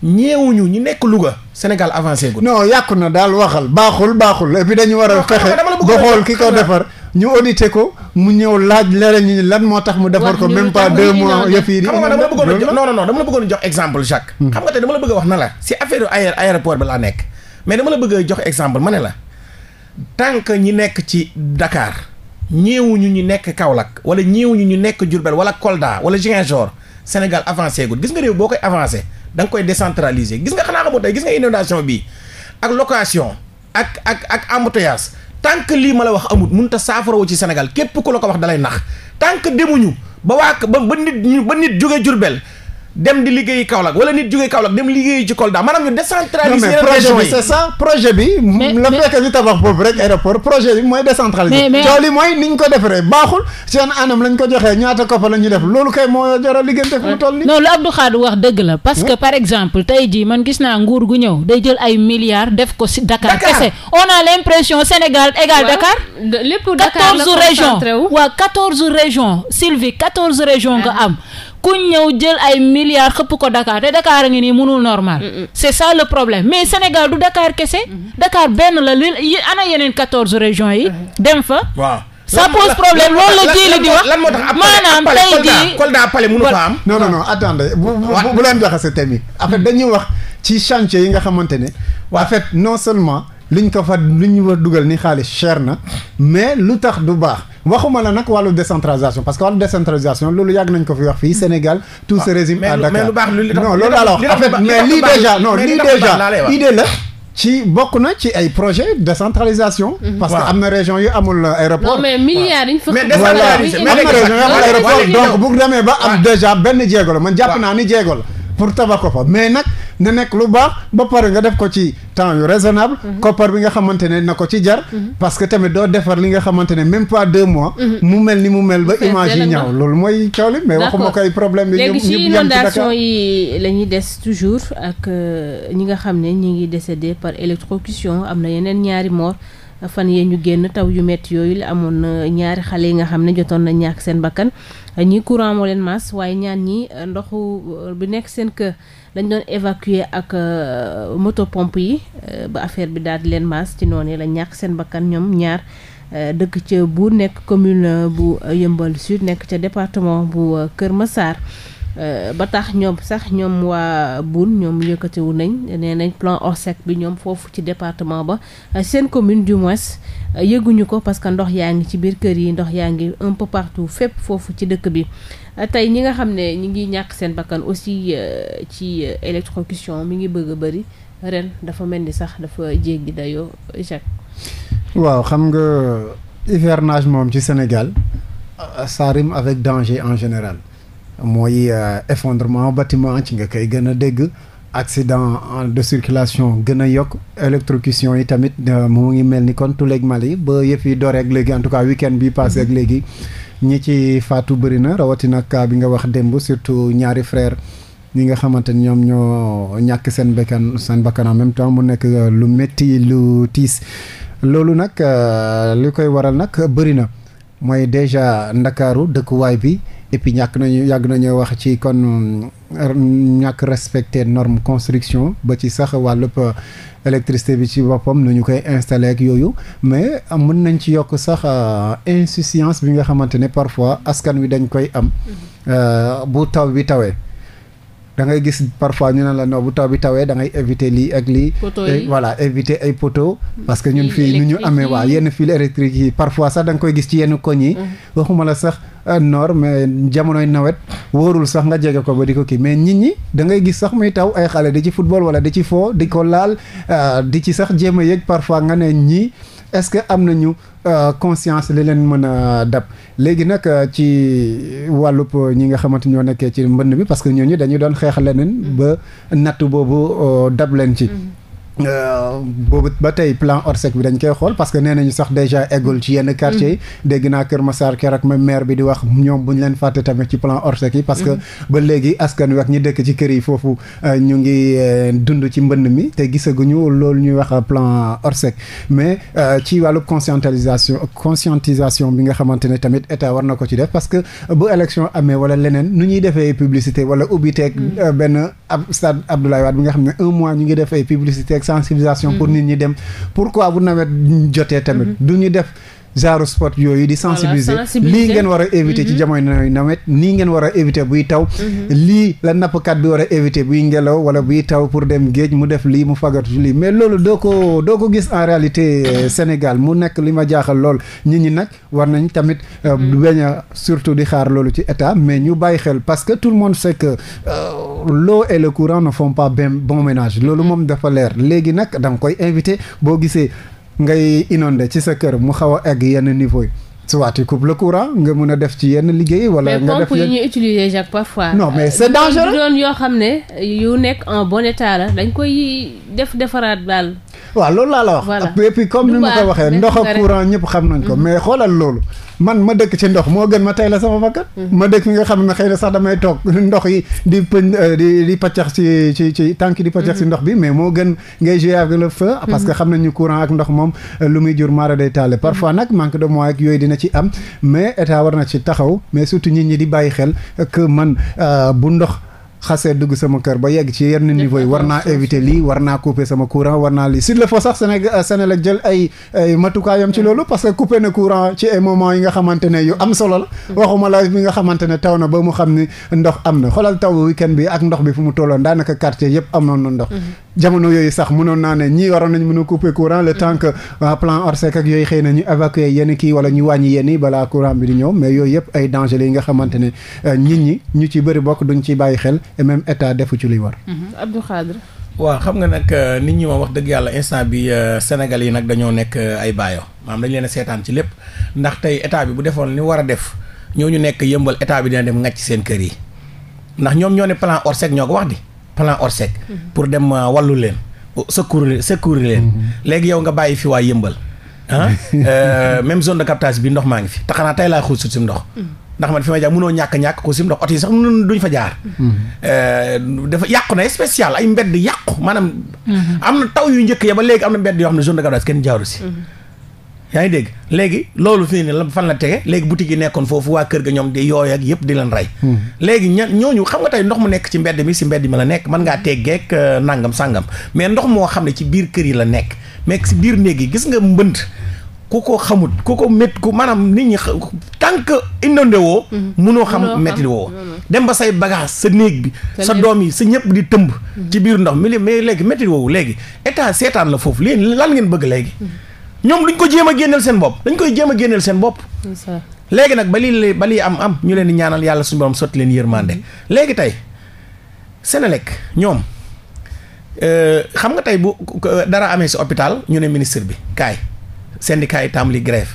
ñeewuñu ñu nekk Louga Sénégal avancé gu. non yàqu na daal waxal baaxul baaxul et puis dañu war a fexe ba xool ki ko defar ñu audité ko mu ñëw laaj leneen ñu lan moo tax mu defar ko même pas deux mois yëf yi di xam nga dama la bëggoon jox non non dama la bëggoon jox exemple Jacques hmm. xam nga tey dama la bëgg a wax na la si affaire aé aéroport bi laa nekk mais dama la bëgg a jox exemple ma ne la tant que ñi nekk ci Dakar ñeewuñu ñu nekk Kaolack wala ñeewuñu ñu nekk Diourbel wala Kolda wala Ziguinchor Sénégal avancé gul gis nga réew boo koy avancé da nga koy décentraliser gis nga xanaa xamu tey gis nga inondation bi ak location ak ak ak embouteillage tant que lii ma la wax amut mënut a saafara ci Sénégal képp ku la ko wax dalay nax tant que demuñu ba waa ba ba nit ñu ba nit jógee Jurbel dem di liggéeyi Kaolack wala nit jógee Kaolack dem liggéeyi ci Kolda maanaam ñu décentraliser région yi c'est ça projet bi la fekk ñu tabax boobu rek aéroport projet bi mooy décentraliser coow li mooy ni ñu ko defaree baaxul seen anam lañ ko joxee ñaata ko fa la ñu def loolu kay moo jara liggéeyante fu mu toll nii non lu Abdou Khadre wax dëgg la parce que par exemple tey jii man gis naa nguur gu ñëw day jël ay milliards def ko si Dakar kese on a l'impression Sénégal égal Dakar lépp Dakar la concentré wu waaw quatorze régions Sylvie quatorze régions nga ah. am ku ñëw jël ay milliards xëpp ko Dakar te Dakar a ngi nii mënul normal. c'est ça le problème mais Sénégal du Dakar kese. Mm-hmm. Dakar benn la li ana yeneen quatorze régions yi. Mm-hmm. dem fa waaw. sa pose problème loolu la jii di wax lan moo tax maanaam tey jii Kolda Palais mënu fa am. non non non attendez bu bu bu leen jaxase thème yi. en fait dañuy wax ci chantier yi nga xamante ne. en fait non seulement. liñ ko fa li ñu war dugal ni xaalis cher na mais lu tax du baax waxuma la nag wàllu décentralisation parce que wàllu loolu yàgg nañ ko fi wax fii hmm. Sénégal tout se ah, résume à Dakar mais lu baax lu non loolu alors en fait mais lii déjà non lii déjà idée ci bokk na ci ay projet décentralisation. Hmm. parce que am na région yu amul euh, aéroport. non mais na région yu amul donc bu demee ba am déjà benn jéego la man jàpp naa ni jéego la. pour tabax ko fa mais nag na nekk lu baax ba pare nga def ko ci temps yu raisonnable mhm. koppar bi nga xamante ne na ko ci jar mhm. parce que tamit doo defar li nga xamante ne même pas deux mois mhm. mu mel ni mu mel ba image yi ñaaw loolu mooy coow li mais waxuma koy problème bi léegi ci inondation yi la ñuy des toujours ak euh, ñi nga xam ne ñi ngi décédé par électrocution am na yeneen ñaari mort fan yee ñu génn taw yu métti yooyu la amoon na euh, ñaari xale yi nga xam ne jotoon na ñàkk seen bakkan euh, ñi courant moo leen mas waaye ñaan ñi euh, ndoxu bi nekk seen kër dañ doon évacuer ak moto pompe yi ba affaire bi daal di leen maas ci noonu la ñàkk seen bakkan ñoom ñaar dëkk ca bu nekk commune bu Yëmbal Sud nekk ca département bu Kër Massar. Euh, ba tax ñoom sax ñoom waa Boune ñoom yëkkatiwu nañ nee nañ plan ORSEC bi ñoom foofu ci département ba euh, seen commune du moins euh, yëguñu ko parce que ndox yaa ngi ci biir kër yi ndox yaa ngi un peu partout fépp foofu ci dëkk bi tey ñi nga xam ne ñi ngi ñàkk seen bakkan aussi ci électrocution mi ngi bëgg a bëri ren dafa mel ni sax dafa jéggi dayoo Jacques. waaw xam nga hivernage moom ci Sénégal ça rime avec danger en général. mooy euh, effondrement batiment ci nga kay gën a dégg accident de circulation gën a yokk électrocution yi tamit euh, mu ngi mel ni kon tuleeg Mali ba yëf yi dooree ak léegi en tout cas week bi passé ak léegi ñi ci faatu bëri na rawatina cas bi nga wax démb surtout ñaari frère ñi nga xamante ni ñoom ñoo ñàkk seen bakkan seen bakkan en même temps mu nekk euh, lu métti lu tiis loolu nag li koy waral nag bëri na mooy déjà ndakaaru dëkkuwaay bi et ñàkk nañu yàgg nañoo wax ci kon ñàkk respecter norme construction ba ci sax wàll euh, électricité bi ci boppam nu ñu koy installer ak yooyu mais mun nañ ci yokk sax euh, insouciance bi nga xamante ne parfois askan wi dañ koy am mm-hmm. euh, bu taw bi tawee da ngay gis parfois ñu ne la non bu taw bi tawee da ngay éviter lii ak lii. voilà éviter ay poteaux. parce que ñun fii nu ñu amee waa yenn fil électrique yi parfois sax da nga koy gis ci yenn koñ yi. Mm-hmm. waxuma la sax euh, noor mais jamonoy nawet woorul sax nga jege ko ba di ko kii mais nit ñi da ngay gis sax muy taw ay xale di ci football wala di ci foo di ko laal euh, di ci sax jéem a yëg parfois nga ne ñii. est-ce que am nañu euh, conscience li leen mën a dab léegi nag euh, ci wàllu wàllub euh, ñi nga xamante ñoo nekkee ci mbënd bi parce que ñooñu dañuy doon xeex leneen mm-hmm. ba natt boobu dab leen ci. Mm-hmm. Euh, boobu ba tey plan Orsec bi dañ koy xool parce que nee nañu sax déjà eggul ci yenn quartiers yi. Mm. dégg naa Kër Massar keroog même maire bi di wax ñoom bu ñu leen fàtte tamit ci plan Orsec yi. parce que mm. ba léegi askan wi ak ñi dëkk ci kër yi foofu euh, ñu ngi euh, dund ci mbënn mi te gisaguñu loolu ñuy wax plan Orsec mais ci wàllu conscientisation conscientisation bi nga xamante ne tamit état war na ko ci def parce que bu élection amee wala leneen nu ñuy defee publicité wala ubbiteeg mm. benn ab stade Abdoulaye Wade nga xam ne un mois ñu ngi defee publicité sensibilisation pour mm-hmm. nit ñi dem pour pourquoi bu nawet jotee tamit mm-hmm. du ñu def genre sport yooyu di sensibiliser lii ngeen war a éviter ci mhm. jamono nawet nii ngeen war a éviter buy taw mhm. lii la nappkat bi war a éviter buy ngelaw wala buy taw pour dem géej mu def lii mu fagatu lii mais loolu doo ko doo ko gis en réalité euh, Sénégal mu nekk li ma jaaxal lool nit ñi nag war nañ tamit euh, mhm. bañ a surtout di xaar loolu ci état mais ñu bàyyi xel parce que tout le monde sait que euh, l'eau et le courant ménage loolu moom dafa leer léegi nag danga koy invité boo gisee ngay inondé ci sa kër mu xaw a egg yenn niveau yi soit tu coupes le courant nga mën a def ci yenn liggéey. wala nga def mais pompes yi ñuy utiliser Jacques parfois. non mais c'est euh, dangereux doon yoo xam ne yu nekk en bon état la dañ koy def defaraat daal. waaw loolu laa la wax. voilà et puis comme ni ma ko waxee ndox ak courant ñëpp xam nañ ko mhm. mais xoolal loolu. man ma dëkk ci ndox moo gën ma tey la sama bakkan mm-hmm. ma dëkk fi nga xam ne xëy na sax damay toog ndox yi di pëñ euh, di di paccax ci ci ci tànk di paccax ci mm-hmm. ndox bi mais moo gën ngay jouer avec le feu mm-hmm. parce que xam nañu courant ak ndox moom euh, lu muy jur maara day taale parfois nag manque de mois ak yooyu dina ci am mais état war na ci taxaw mais surtout nit ñi di bàyyi xel que man euh, bu ndox xasee dugg sama kër ba yegg ci yenn niveau yi war naa éviter lii war naa couper sama courant war naa lii s'il le faut sax Sénégal euh, Sénégal jël ay matukaayam ci loolu parce que couper na courant ci ay moment yi nga xamante ne yu am solo la mm. waxuma la bi nga xamante ne taw na ba mu xam ni ndox am na xoolal taw weekend bi ak ndox bi fu mu tolloon daanaka quartier yëpp amoon na ndox mm-hmm. jamono yooyu sax mënoon naa ne ñi waroon nañ mën a couper courant le temps que mm-hmm. euh, plan Orsec ak na ñu kii wala ñu wàññi yenn yi balaa courant bi di ñëw mais yooyu yëpp ay danger la yi nga xamante ne euh, nit ñi ñu ci bëri bokk duñ ci bàyyi et même état defu ci luy war. Mhm. Abdou Khadre. waaw xam nga nag euh, nit ñi moom wax dëgg yàlla instant bi euh, Sénégal yi nag dañoo nekk euh, ay baayo maam dañ leen a seetaan ci lépp ndax tey état bi bu defoon li war a def ñooñu nekk yëmbal état bi dina dem ngàcc seen kër yi ndax ñoom ñoo ne plan Orsec ñoo ko wax di plan Orsec. Mhm. pour dem wallu leen secourir secourir leen. Mhm. léegi yow nga bàyyi fi waa yëmbal. ah même zone de captage bi ndox maa ngi fi xanaa tey laay xuus si ndox. ndax man fi may jaar mënoo ñàkk ñàkk ko sim ndax oto yi sax duñ fa jaar. Mm-hmm. Eh, dafa yàqu na spécial ay mbedd yàqu maanaam. Mm-hmm. am na taw yu njëkk ya ba léegi am na mbedd yoo xam ne zone de garage si. Mm-hmm. yaa ngi dégg léegi loolu fi ne fan la tege léegi boutique yi nekkoon foofu waa kër ga ñoom di yooy ak yëpp di leen rey. léegi ña ñooñu xam nga tey ndox mu nekk ci mbedd mi si mbedd mi la nekk mën ngaa teggeek euh, nangam sàngam mais ndox moo xam ne ci biir kër yi la nekk mais si biir néeg yi gis nga mbënd ku ko xamut ku ko mét ku maanaam nit ñi tant que inondé woo mm-hmm. munoo xam metti woo mm-hmm. dem ba say bagage sa néeg bi sa doom yi sa ñëpp di tëmb mm-hmm. ci biir ndox mi mais léegi metti woowu léegi état seetaan la foofu léegi lan ngeen bëgg léegi ñoom duñ ko jéem a génneel seen bopp dañ koy jéem a génneel seen bopp léegi nag ba lii ba lii am am ñu leen di ñaanal yàlla suñu borom sotti leen yërmande léegi tey Senelec ñoom euh, xam nga tey bu euh, dara amee si hôpital ñu ne ministre bi kaay syndicat yi tàmbali grève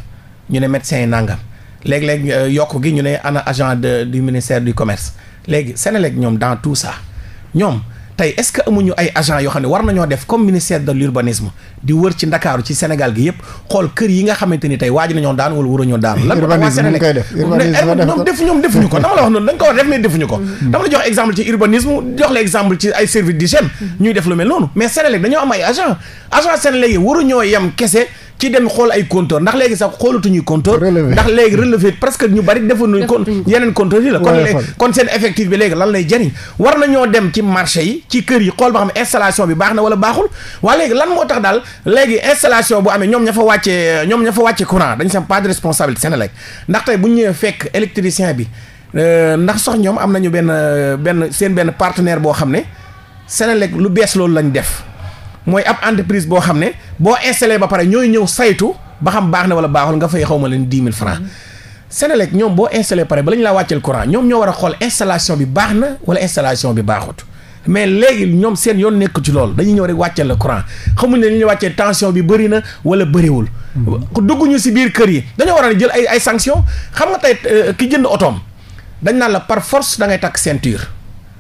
ñu ne médecin yi nangam léeg-léeg euh, yokk gi ñu ne ana agent de du ministère du commerce léegi Sénélec ñoom dans tout ça ñoom tey est-ce que amuñu ay agent yoo xam ne war nañoo def comme ministère de l'urbanisme di wër ci ndakaaru ci Sénégal gi yëpp xool kër yi nga xamante ni tey waaj nañoo daan wala waruñoo daan lan urbanisme koy def ñoom defu ñoom defuñu ko dama la wax noonu da nga ko war def mais defuñu ko mm-hmm. dama la jox exemple ci urbanisme jox la exemple ci ay service d'hygiène mm-hmm. ñuy def lu mel noonu mais Sénélec dañoo am ay agent agent Sénélec yi waruñoo yem kese ci dem xool ay compteur ndax léegi sax xoolatuñuy compteur ndax léegi relevé presque ñu bari defanuñ kon yeneen compteur yi la kon léegi kon seen effectif bi léegi lan lay jëriñ war nañoo dem ci marché yi ci kër yi xool ba xam installation bi baax na wala baaxul waa léegi lan moo tax daal léegi installation bu amee ñoom ña fa wàccee ñoom ña fa wàccee courant dañ sam pas de responsabilité Senelec ndax tey bu ñu ñëwee fekk électricien bi euh, ndax sax ñoom am nañu benn euh, benn seen benn partenaire boo xam ne Senelec lu bees loolu lañ def mooy ab entreprise boo xam ne boo installé ba pare ñooy ñëw saytu ba xam baax na wala baaxul nga fay xaw ma leen dix mille francs mm-hmm. Senelec ñoom boo installé pare ba la laa wàcceel courant ñoom ñoo war a xool installation bi baax na wala installation bi baaxut mais léegi ñoom seen yoon nekk ci loolu dañuy ñëw rek wàcceel la courant xamuñ ne li ñuy wàccee tension bi bëri na wala bëriwul. Mm-hmm. dugguñu si biir kër yi dañoo war a jël ay ay sanctions xam nga tey euh, ki jënd otoom dañ naan la par force da ngay takk ceinture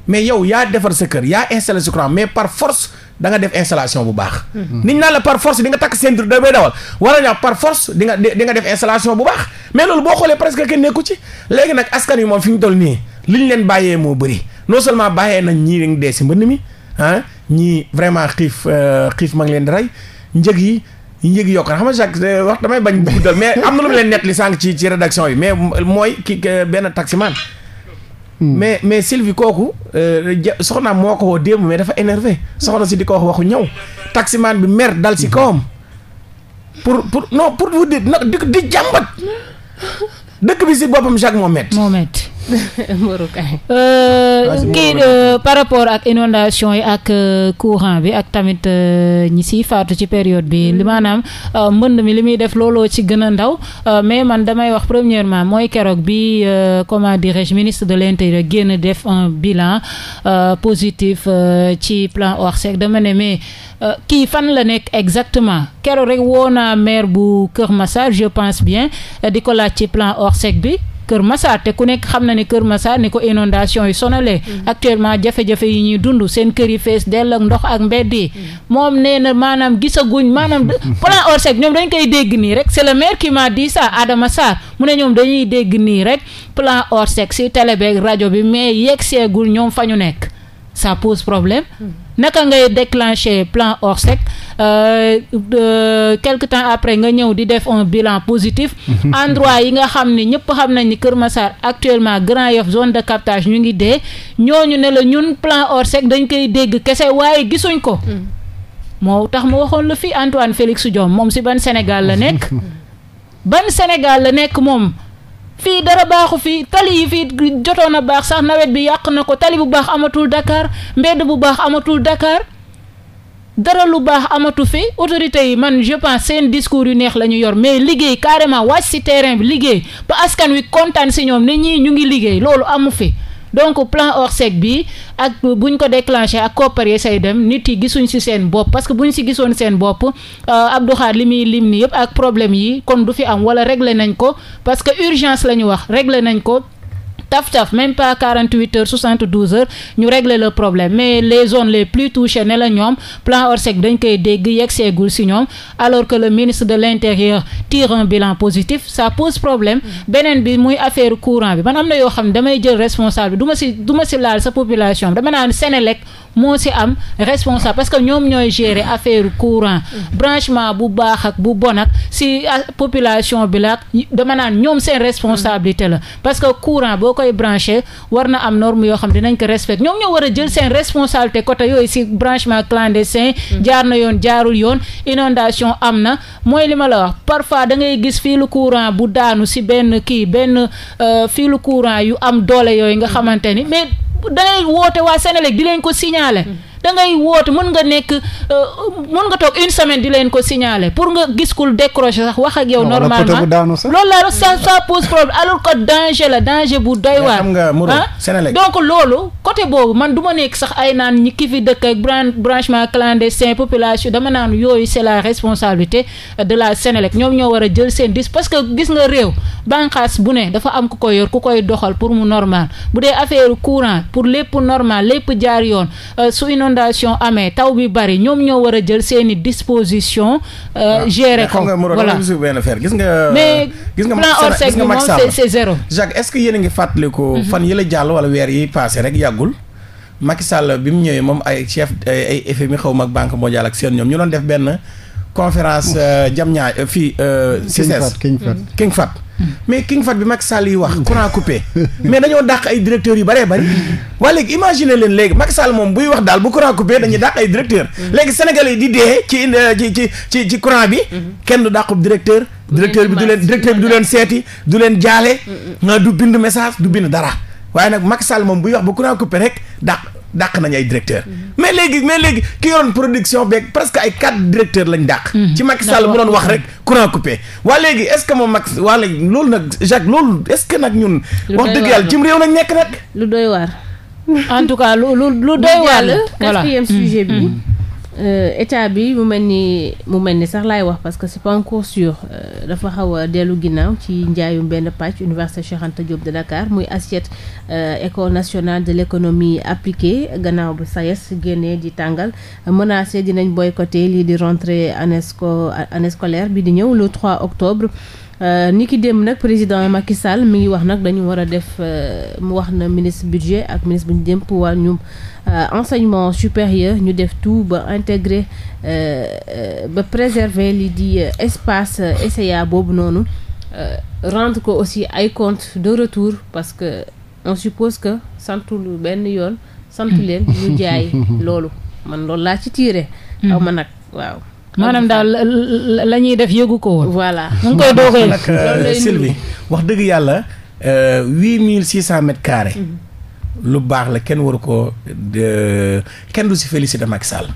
mais yow yaa defar sa kër yaa installé sa courant mais par force. danga def installation bu baax. Hmm. Hmm. niñ naa la par force di nga takk ceinture da bay dawal wala ñaa par force di nga di nga def installation bu baax mais loolu boo xoolee presque kenn nekku ci léegi nag askan wi moom fi ñu toll nii liñ leen bàyyee moo bëri non seulement bàyyee nañ ñii dañ dee si mbënd mi ah ñii vraiment xiif euh, xiif ma ngi leen di rey njëg yi. yéeg yokk na xam nga chaque euh, wax damay bañ guddal mais am na lu mu leen nett li sànq ci ci rédaction yi mais mooy ki benn taximan Hmm. mais mais Sylvie kooku euh, soxnaam moo ko woo démb mais dafa énervé soxna si di ko wax waxu ñëw taximaan bi mer dal si kawam pour pour non pour vous dire di di jàmbat dëkk bi si boppam Jacques moo met kii euh, euh, par rapport ak inondation yi ak euh, courant bi ak tamit ñi siy faatu ci période bi mm. li maanaam mbënn mi li muy def looloo ci gën a ndaw mais man damay wax premièrement mooy keroog bi comment dirais-je ministre de l'intérieur génn def un bilan positif ci plan Orsec dama ne mais kii fan la nekk exactement keroog rek woo naa maire bu Kër Massar je pense bien di ko laaj ci plan Orsec bi Kër Massar te ku nekk xam na ni Kër Massar ni ko inondation yi sonalee mhm. actuellement jafe-jafe yi ñuy dund seen kër yi fees dell ak ndox ak mbedd yi mhm. moom nee na maanaam gisaguñ maanaam plan ORSEC ñoom dañ koy dégg nii rek c'est le maire qui m'a Adama Sarr mu ne ñoom dañuy dégg nii rek plan ORSEC si télé beeg rajo bi mais yegg seegul ñoom fa ñu nekk ça pose problème mhm. naka ngay déclencher plan Orsec euh, de, euh, quelque temps après nga ñëw di def un bilan positif endroit yi nga xam ne ñëpp xam nañ ni Kër Massar actuellement Grand Yoff zone de captage ñu ngi dee ñooñu ne la ñun plan Orsec dañ koy dégg kese waaye gisuñ ko mm. moo tax mu waxoon la fii Antoine Félix Diome moom si ban Sénégal la nekk ban Sénégal la nekk moom fii dara baaxu fi tali yi fii jotoon a baax sax nawet bi yàq na ko tali bu baax amatul Dakar mbedd bu baax amatul Dakar dara lu baax amatu fi autorités yi man je pense seen discours yu neex la ñu yor mais liggéey carrément wàcc ci terrain bi liggéey ba askan wi kontaan ci ñoom ni ñii ñu ngi liggéey loolu amu fi. donc plan Orsec bi ak buñ ko déclenché ak koppar yi say dem nit yi gisuñ si seen bopp parce que ñu si gisoon seen bopp euh, Abdou Khare li muy lim ni yëpp ak problème yi kon du fi am wala réglé nañ ko parce que urgence la ñu wax réglé nañ ko. taf-taf même pas 48 heures 72 heures ñu régler la problème mais les zones les plus touchées ne la ñoom plan Orsec dañ koy dégg yegg seegul si ñoom alors que le ministre de l'intérieur tire un bilan positif ça pose problème beneen bi muy affaire courant bi man am na yoo xam ne damay jël responsable bi du ma si du laal sa population bi dama naan Sénélec moo si am responsable parce que ñoom ñooy gérer affaire courant branchement bu baax ak bu bon si population bi la dama naan ñoom seen responsabilité la parce que courant boo koy branché war na am norme yoo xam dinañ ko respecté ñoom ñoo war a jël seen responsabilité côté yooyu si branchement clandestin mm. jaar na yoon jaarul yoon inondation am na mooy li ma la wax parfois da ngay gis fii lu courant bu daanu si benn kii benn euh, fii lu courant yu am doole yooyu nga mm. xamante ni da ngay woote waa Sénélec di leen ko signaler. da ngay woote mën nga nekk euh, mën nga toog une semaine di leen ko signaler pour nga gis ku décrocher sax wax ak yow. normalement loolu la ça ça pose problème alors que danger la danger bu doy waar. Ah? donc loolu côté boobu man duma nekk sax ay naan ñi ki fi dëkk ak branchement clandestin population dama naan yooyu c'est la responsabilité de la Sénélec ñoom ñoo war a jël seen dis parce que gis nga réew bànqaas bu ne dafa am ku koy yor ku koy doxal pour mu normal bu dee affaire courant pour lépp normal lépp jaar yoon euh, inondation amee taw bi bari ñoom ñoo war a jël seeni disposition euh, gérer ko voilà gis nga mais plan Orsec bi moom c'est zéro Jacques est-ce que yéen a ngi fàttaliku mhm. fan yi la jàll wala weer yi passé rek yàggul Macky Sall bi mu ñëwee moom ay chef ay FMI xaw ma ak Banque mondiale ak seen ñoom ñu doon def benn conférence jam euh, ñaa euh, fii CICES King Fat King Fat mais King fat bi Macky Sall yi wax courant coupé mais dañoo dàq ay directeurs yu bëree bëri waa léegi imagine leen léegi Macky Sall moom buy wax daal bu courant coupé dañuy dàq ay directeurs léegi sénégalais yi di dee ci euh, ci ci ci ci courant bi kenn du dàqub directeur directeur bi du leen directeur bi du leen seeti du leen jaale mm, mm. Ah, du bind message du bind dara waaye nag Macky Sall moom buy wax bu courant coupé rek dàq dàq nañu ay directeur mais léegi mais léegi ki yoon production beeg presque ay quatre directeurs lañ dàq. Mhm. ci Macky Sall mu doon wax rek courant coupé. waa léegi est ce que moom Macky waa léegi loolu nag Jacques loolu est ce que nag ñun. wax dëgg yàlla cim réew nañ nekk nag. lu doy waar en tout cas lu lu doy waar. voilà quatrième sujet bi. Mhm. Euh, état bi mu mel ni mu mel ni sax laay wax parce que c'est pas encore euh, dafa xaw a dellu ginnaaw ci njaayum benn pàcc université Cheikh Anta Diop de Dakar muy assiette euh, école nationale de l'économie appliquée gannaaw bu SAES génne di tàngal menacé dinañ boycotter lii di rentre année sco année scolaire bi di ñëw le trois octobre. Euh, ni ki démb nag président Macky Sall mi ngi wax nag dañu war a def euh, mu wax na ministre budget ak ministre bu ñu démb waa ñu enseignement supérieur ñu def tout ba intégrer euh, ba préserver li di espace SEA boobu noonu rendre ko aussi ay compte de retour parce que on suppose que santul benn yoon sant leen ñu jaay loolu man loolu laa ci tiire mm-hmm. xaw nag waaw maanaam daal la ñuy def yëgu ko woon. voilà mu nga koy doogee nag euh, Sylvie wax dëgg yàlla euh, huit mille six cent mètres carrés. Mm-hmm. lu baax la kenn waru ko kenn du si félicité Macky Sall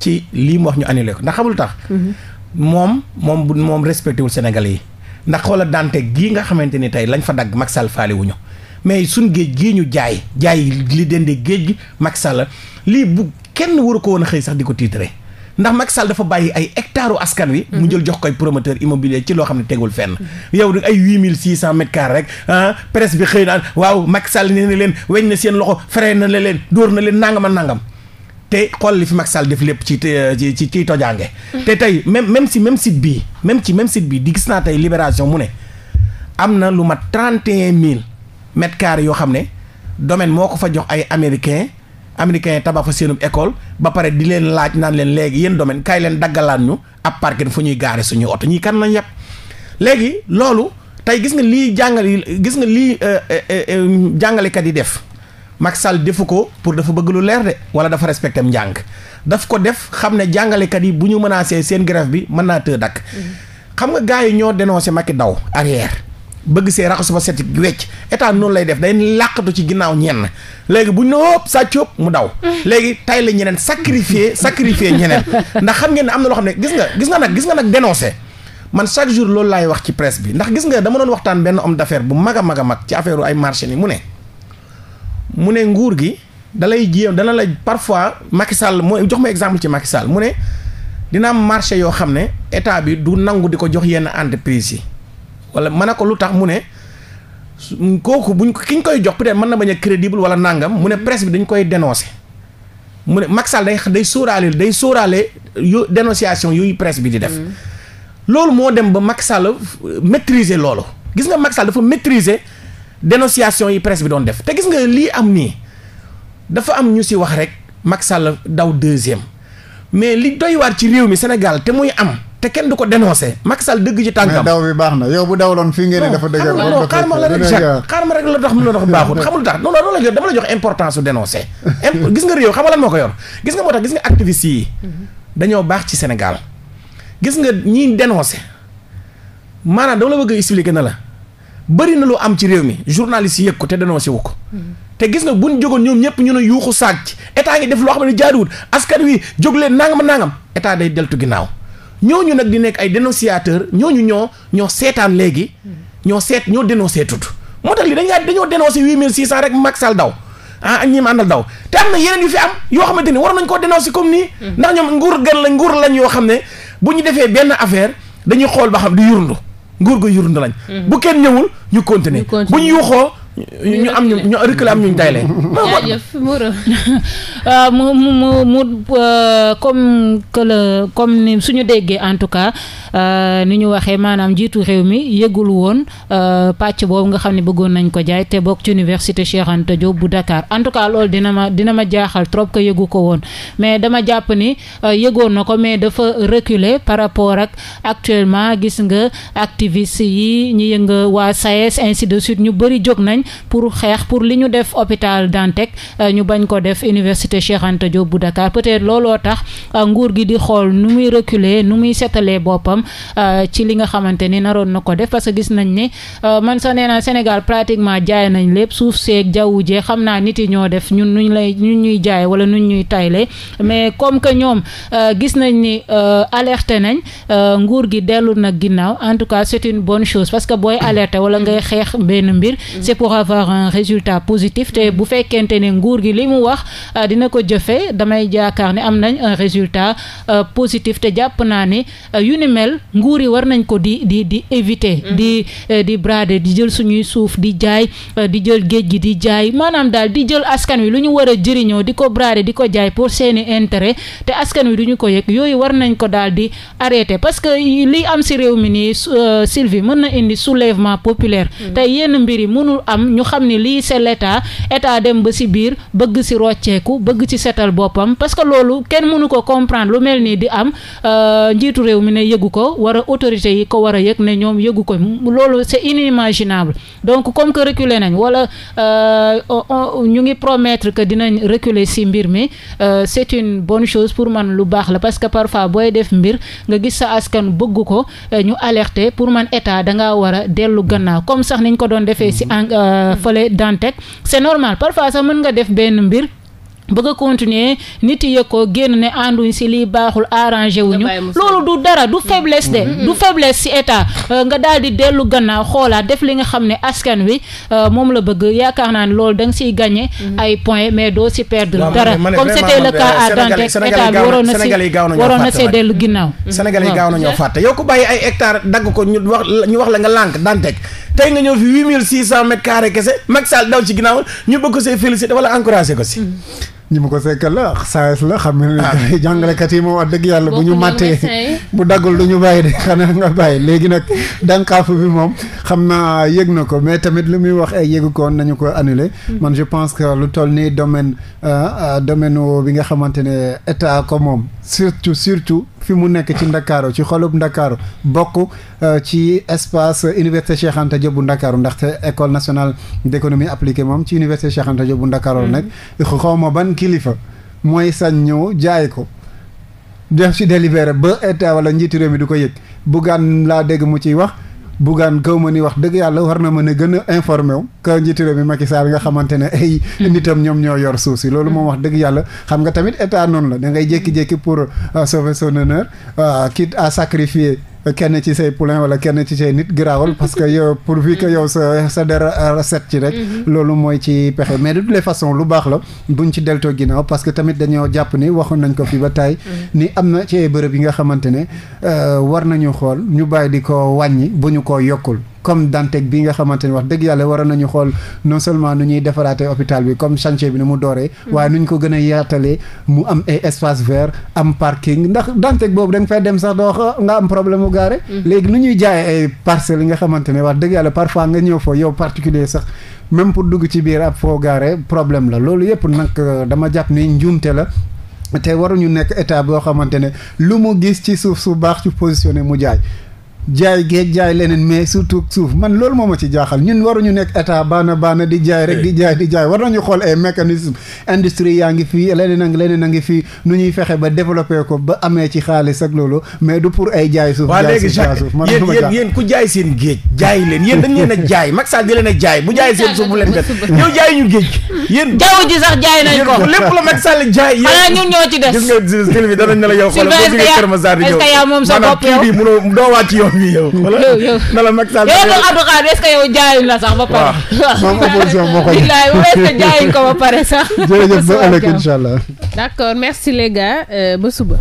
ci lii mu wax ñu annulé ko ndax xamul tax. Mm-hmm. moom moom bu moom respecté wul Sénégalais yi ndax xoola dante gii nga xamante ni tey lañ fa dagg Macky Sall faale mais suñ géej gii ñu jaay jaay li dende géej gi Macky Sall lii bu kenn waru ko woon a xëy sax di ko tiitre ndax Macky Sall dafa bàyyi ay hectares askan wi. mu jël jox koy promoteur immobilier ci loo xam ne tegul fenn. yow ay huit mille six cent mètres carrés rek ah bi xëy na waaw Macky Sall ne na leen weñ na seen loxo fere na leen dóor na leen nangam a nangam. te xool li fi Macky Sall def lépp ci ci ci ciy tojaange. te tey même même si même site bii même ci même site bii di gis naa tey Libération mu ne am na lu mat trente et un mille mètres carrés yoo xam ne domaine moo ko fa jox ay américains. américains yi tabax fa seenub école ba pare di leen laaj naan leen léegi yéen domaine kay leen daggalaan ñu ab parking fu ñuy gaare suñuy oto ñii kan lañ yàpp léegi loolu tey gis nga lii jàngal gis nga lii euh, euh, euh, jàngalekat yi def mag Sall defu ko pour dafa bëgg lu leer de wala dafa respecté njàng daf ko def xam ne jàngalekat yi bu ñu mën menacé seen grève bi mën naa tëdd dakk mm-hmm. xam nga gars yi ñoo dénoncé Macky daw arrière bëgg see raxasu ba set wecc état noonu lay def day làqatu ci ginnaaw ñeen na léegi bu ñu ne wóop sàcc mu daw léegi tay la ñeneen sacrifier sacrifier ñeneen ndax xam ngeen ne am na loo xam ne gis nga gis nga nag gis nga nag dénoncé man chaque jour loolu laay wax ci presse bi ndax gis nga dama doon waxtaan benn homme d'affaires bu mag a mag a mag ci affaire ay marché ni mu ne mu ne nguur gi dalay jéem dana la parfois Macky Sall mu jox ma exemple ci Macky Sall mu ne dina am marché yoo xam ne état bi du nangu di ko jox yenn entreprise yi wala mën a ko lu tax mu ne kooku buñ ko kiñ koy jox peut-être mën na bañ a crédible wala nangam mu ne mm-hmm. presse bi dañ koy dénoncé mu ne Macky Sall day day day sóoraale yu dénonciation yooyu presse bi di def. Mm-hmm. loolu moo dem ba Macky Sall euh, maîtriser loolu gis nga Macky Sall dafa maîtriser yi presse bi doon def te gis nga lii am nii dafa am ñu si wax rek Macky daw deuxième mais li doy waar ci réew mi Sénégal te muy am. te kenn du ko dénoncé Macky Sall dëgg ci tànkam mais daw bi baax na yow bu dawloon fii ngeen di dafa dëgg non xaar ma la rek xaar ma rek la dox mu la dox baaxul xamul tax non non la la jox importance su dénoncé gis nga réew xamalan moo ko yor gis nga moo tax gis nga dañoo baax ci Sénégal gis nga ñiy dénoncé maanaam dama la bëgg expliquer na la bëri na lu am ci réew mi journaliste yi yëg ko te dénoncé wu ko te gis nga buñ jógoon ñoom ñëpp ñu ne yuuxu saag ci état ngi def loo xam ne jaaduwut askan wi jóg leen nangam nangam état day deltu ginnaaw ñoo ñu nag di nekk ay ñoo ñu ñoo ñoo seetaan léegi ñoo seet ñoo dénoncé tut moo tax li dañaa dañoo dénoncé huit mille six cent rek Macky Sall daw ah ak ñi ma àndal daw te am na yeneen yu fi am yoo xamante ni war nañ koo dénoncé comme nii hmm. ndax ñoom nguur gan la nguur lañ yoo xam ne bu ñu defee benn affaire dañuy xool ba xam di yurndu nguur ga yurndu lañ hmm. bu kenn ñëwul ñu continuer bu ñu yuuxoo ñu am ñu ñu réclame ñu dayle. jaajëf Moreau mu mu mu mu euh, comme que la comme ni suñu déggee en tout cas euh, ni ñu waxee maanaam jiitu réew mi yëgul woon euh, pàcc boobu nga xam ne bëggoon nañ ko jaay te bokk ci université Cheikh Anta Diop bu Dakar en tout cas loolu dina ma dina ma jaaxal trop que yëgu ko woon mais dama jàpp ni yëgoon na ko mais dafa reculer par rapport ak actuellement gis nga activiste yi ñi yënga waa SAES e ainsi de suite ñu bëri jóg nañ. pour xeex pour li ñu def hôpital Dantec euh, ñu bañ ko def université Cheikh Anta Diop bu Dakar peut looloo tax euh, nguur gi di xool nu muy reculer nu muy setalee boppam euh, ci li nga xamante ni naroon na ko def parce que gis nañ ne man sa nee naa Sénégal pratiquement jaay nañ lépp suuf seeg jaww jee xam naa nit yi ñoo def ñun nuñ lay ñun ñuy jaay wala nuñ ñuy tayle mais comme que ñoom gis nañ ni alerte nañ nguur gi dellu nag ginnaaw en tout cas c'est une bonne chose parce que avoir un résultat positif te bu fekkente ne nguur gi li mu wax euh, dina ko jëfee damay jaakaar ni am nañ un résultat euh, positif te jàpp naa ne euh, yu ni mel nguur yi war nañ ko di di di éviter. Mhm. di di brader di jël suñuy suuf di jaay di jël géej gi di jaay maanaam daal di jël askan wi lu ñu war a jëriñoo di ko brader di ko jaay pour seeni intérêt te askan wi du ñu ko yëg yooyu war nañ ko daal di arrêter parce que li am ci réew mi nii Sylvie mën na indi soulèvement populaire. Mhm. am ñu xam ni lii c'est l'état état dem ba ci biir bëgg ci rocceeku bëgg ci setal boppam parce que loolu kenn mënu ko comprendre lu mel nii di am euh, njiitu réew mi ne yëgu ko war a autorité yi ko war a yëg ne ñoom yëgu ko loolu c'est inimaginable donc comme que reculer nañ wala euh, ñu ngi promettre que dinañ reculer ci mbir mi euh, c'est une bonne chose pour man lu baax la parce que parfois booy def mbir nga gis sa askan bëgg ko ñu alerter pour man état dangaa war dellu gannaaw fële Dantec c'est normal parfois sax mën nga def benn mbir bëgg continuer nit yi yëg ko génn ne ànduñ si lii baaxul arrangé wuñu loolu du dara du mm. faiblesse de mm-hmm. du faiblesse si état euh, nga daal di dellu gannaaw xoolaa def li nga xam ne askan wi euh, moom la bëgg yaakaar naa ne loolu da nga siy gagné mm-hmm. ay points mais doo si perdre dara comme c'était le cas euh, à Dantec état bi waroon na si waroon na see dellu ginnaaw mm-hmm. Sénégal yi gaaw na ñoo fàtte yow ku bàyyi ay hectares dagg ko ñu wax ñu wax la nga lànk Dantec tey nga ñëw fi huit mille six cent mètres carrés kese Macky Sall daw ci ginnaaw ñu wala encouragé ko si mm. ñi mu ko sekkal la saayes la xam ne ah. jàngalekat yi moom wax dëgg yàlla bu ñu màttee bu daggul du ñu bàyyi de xanaa nga bàyyi léegi nag dànqaafu bi moom xam naa yëg na ko mais tamit lu muy wax ay yëgu koon nañu ko annulé hmm. man je pense que lu toll nii domaine euh, euh, domaine bi nga xamante ne état ko moom surtout surtout fi mu nekk ci ndakaaru ci xolub ndakaaru bokk euh, ci espace université Cheikh Anta bu ndakaaru ndaxte école nationale d'économie appliquée moom ci université Cheikh Anta bu ndakaaru la hmm. kilifa mooy sañ ñëw jaay ko def ci délibéré ba état wala njiitu réew mi du ko yëg buggaan laa dégg mu ciy wax buggaan kaw ma ni wax dëgg yàlla war na mën a gën a informé wu que njiitu réew mi Macky Sall nga xamante ne ay hmm. nitam ñoom ñoo yor suuf si loolu moom hmm. wax dëgg yàlla xam nga tamit état noonu la da ngay jékki-jékki pour euh, sauver son honneur euh, quitte à sacrifier kenn ci say poulain wala kenn ci say nit garaawal parce que yow pourvu que yow sa sa dara set ci rek mhm. loolu mooy ci pexe mais de toutes les lu baax la bu buñ ci deltoo ginnaaw parce que tamit dañoo jàpp ni waxoon nañ ko fi ba taay mhm. ni am na ci ay bërëb yi nga xamante ne euh, war nañu xool ñu bàyyi di ko wàññi bu ñu ko yokkul comme Dantec bi nga xamante ne wax dëgg yàlla waroon nañu xool non seulement nu ñuy defaraatee hôpital bi comme chantier bi ni mu dooree. Mm. waaye nu ñu ko gën a yaatalee mu am ay espace vert am parking ndax Dantec boobu da fay dem sax doo nga am problème mu gaare. Mm. léegi nu ñuy jaayee ay parcelles yi nga xamante ne wax dëgg yàlla parfois nga ñëw foofu yow particulier sax. même pour dugg ci biir ab foo gaare problème la loolu yëpp nag euh, dama jàpp ni njuumte la te waruñu nekk état boo xamante ne lu mu gis ci suuf su baax ci positionné mu jaay jaay géej jaay leneen mais surtout suuf man loolu moom ma ci jaaxal ñun waruñu nekk état baana baana di jaay rek di jaay di jaay war nañu xool ay mécanisme industrie yaa ngi fii leneen ak leneen a ngi fii nu ñuy fexe ba développé ko ba amee ci xaalis ak loolu mais pour ay jaay suuf jaay suuf jaay suuf man yéen yéen ku jaay seen dañ leen jaay Macky Sall di leen a jaay bu jaay seen suuf bu leen kat yow jaay ñu géej yéen jaww sax jaay nañ ko lépp la Macky Sall jaay xanaa ñun ñoo ci des doo wàcc yoon mi yow. yow yow na la Macky Sall. yow nag Abdou Khadre est-ce que yow jaayuñ la sax ba pare. waaw opposition moo ko. bilaay est-ce que jaayuñ ko ba pare sax. jërëjëf ba ëllëg incha allah. merci les euh, ba suba.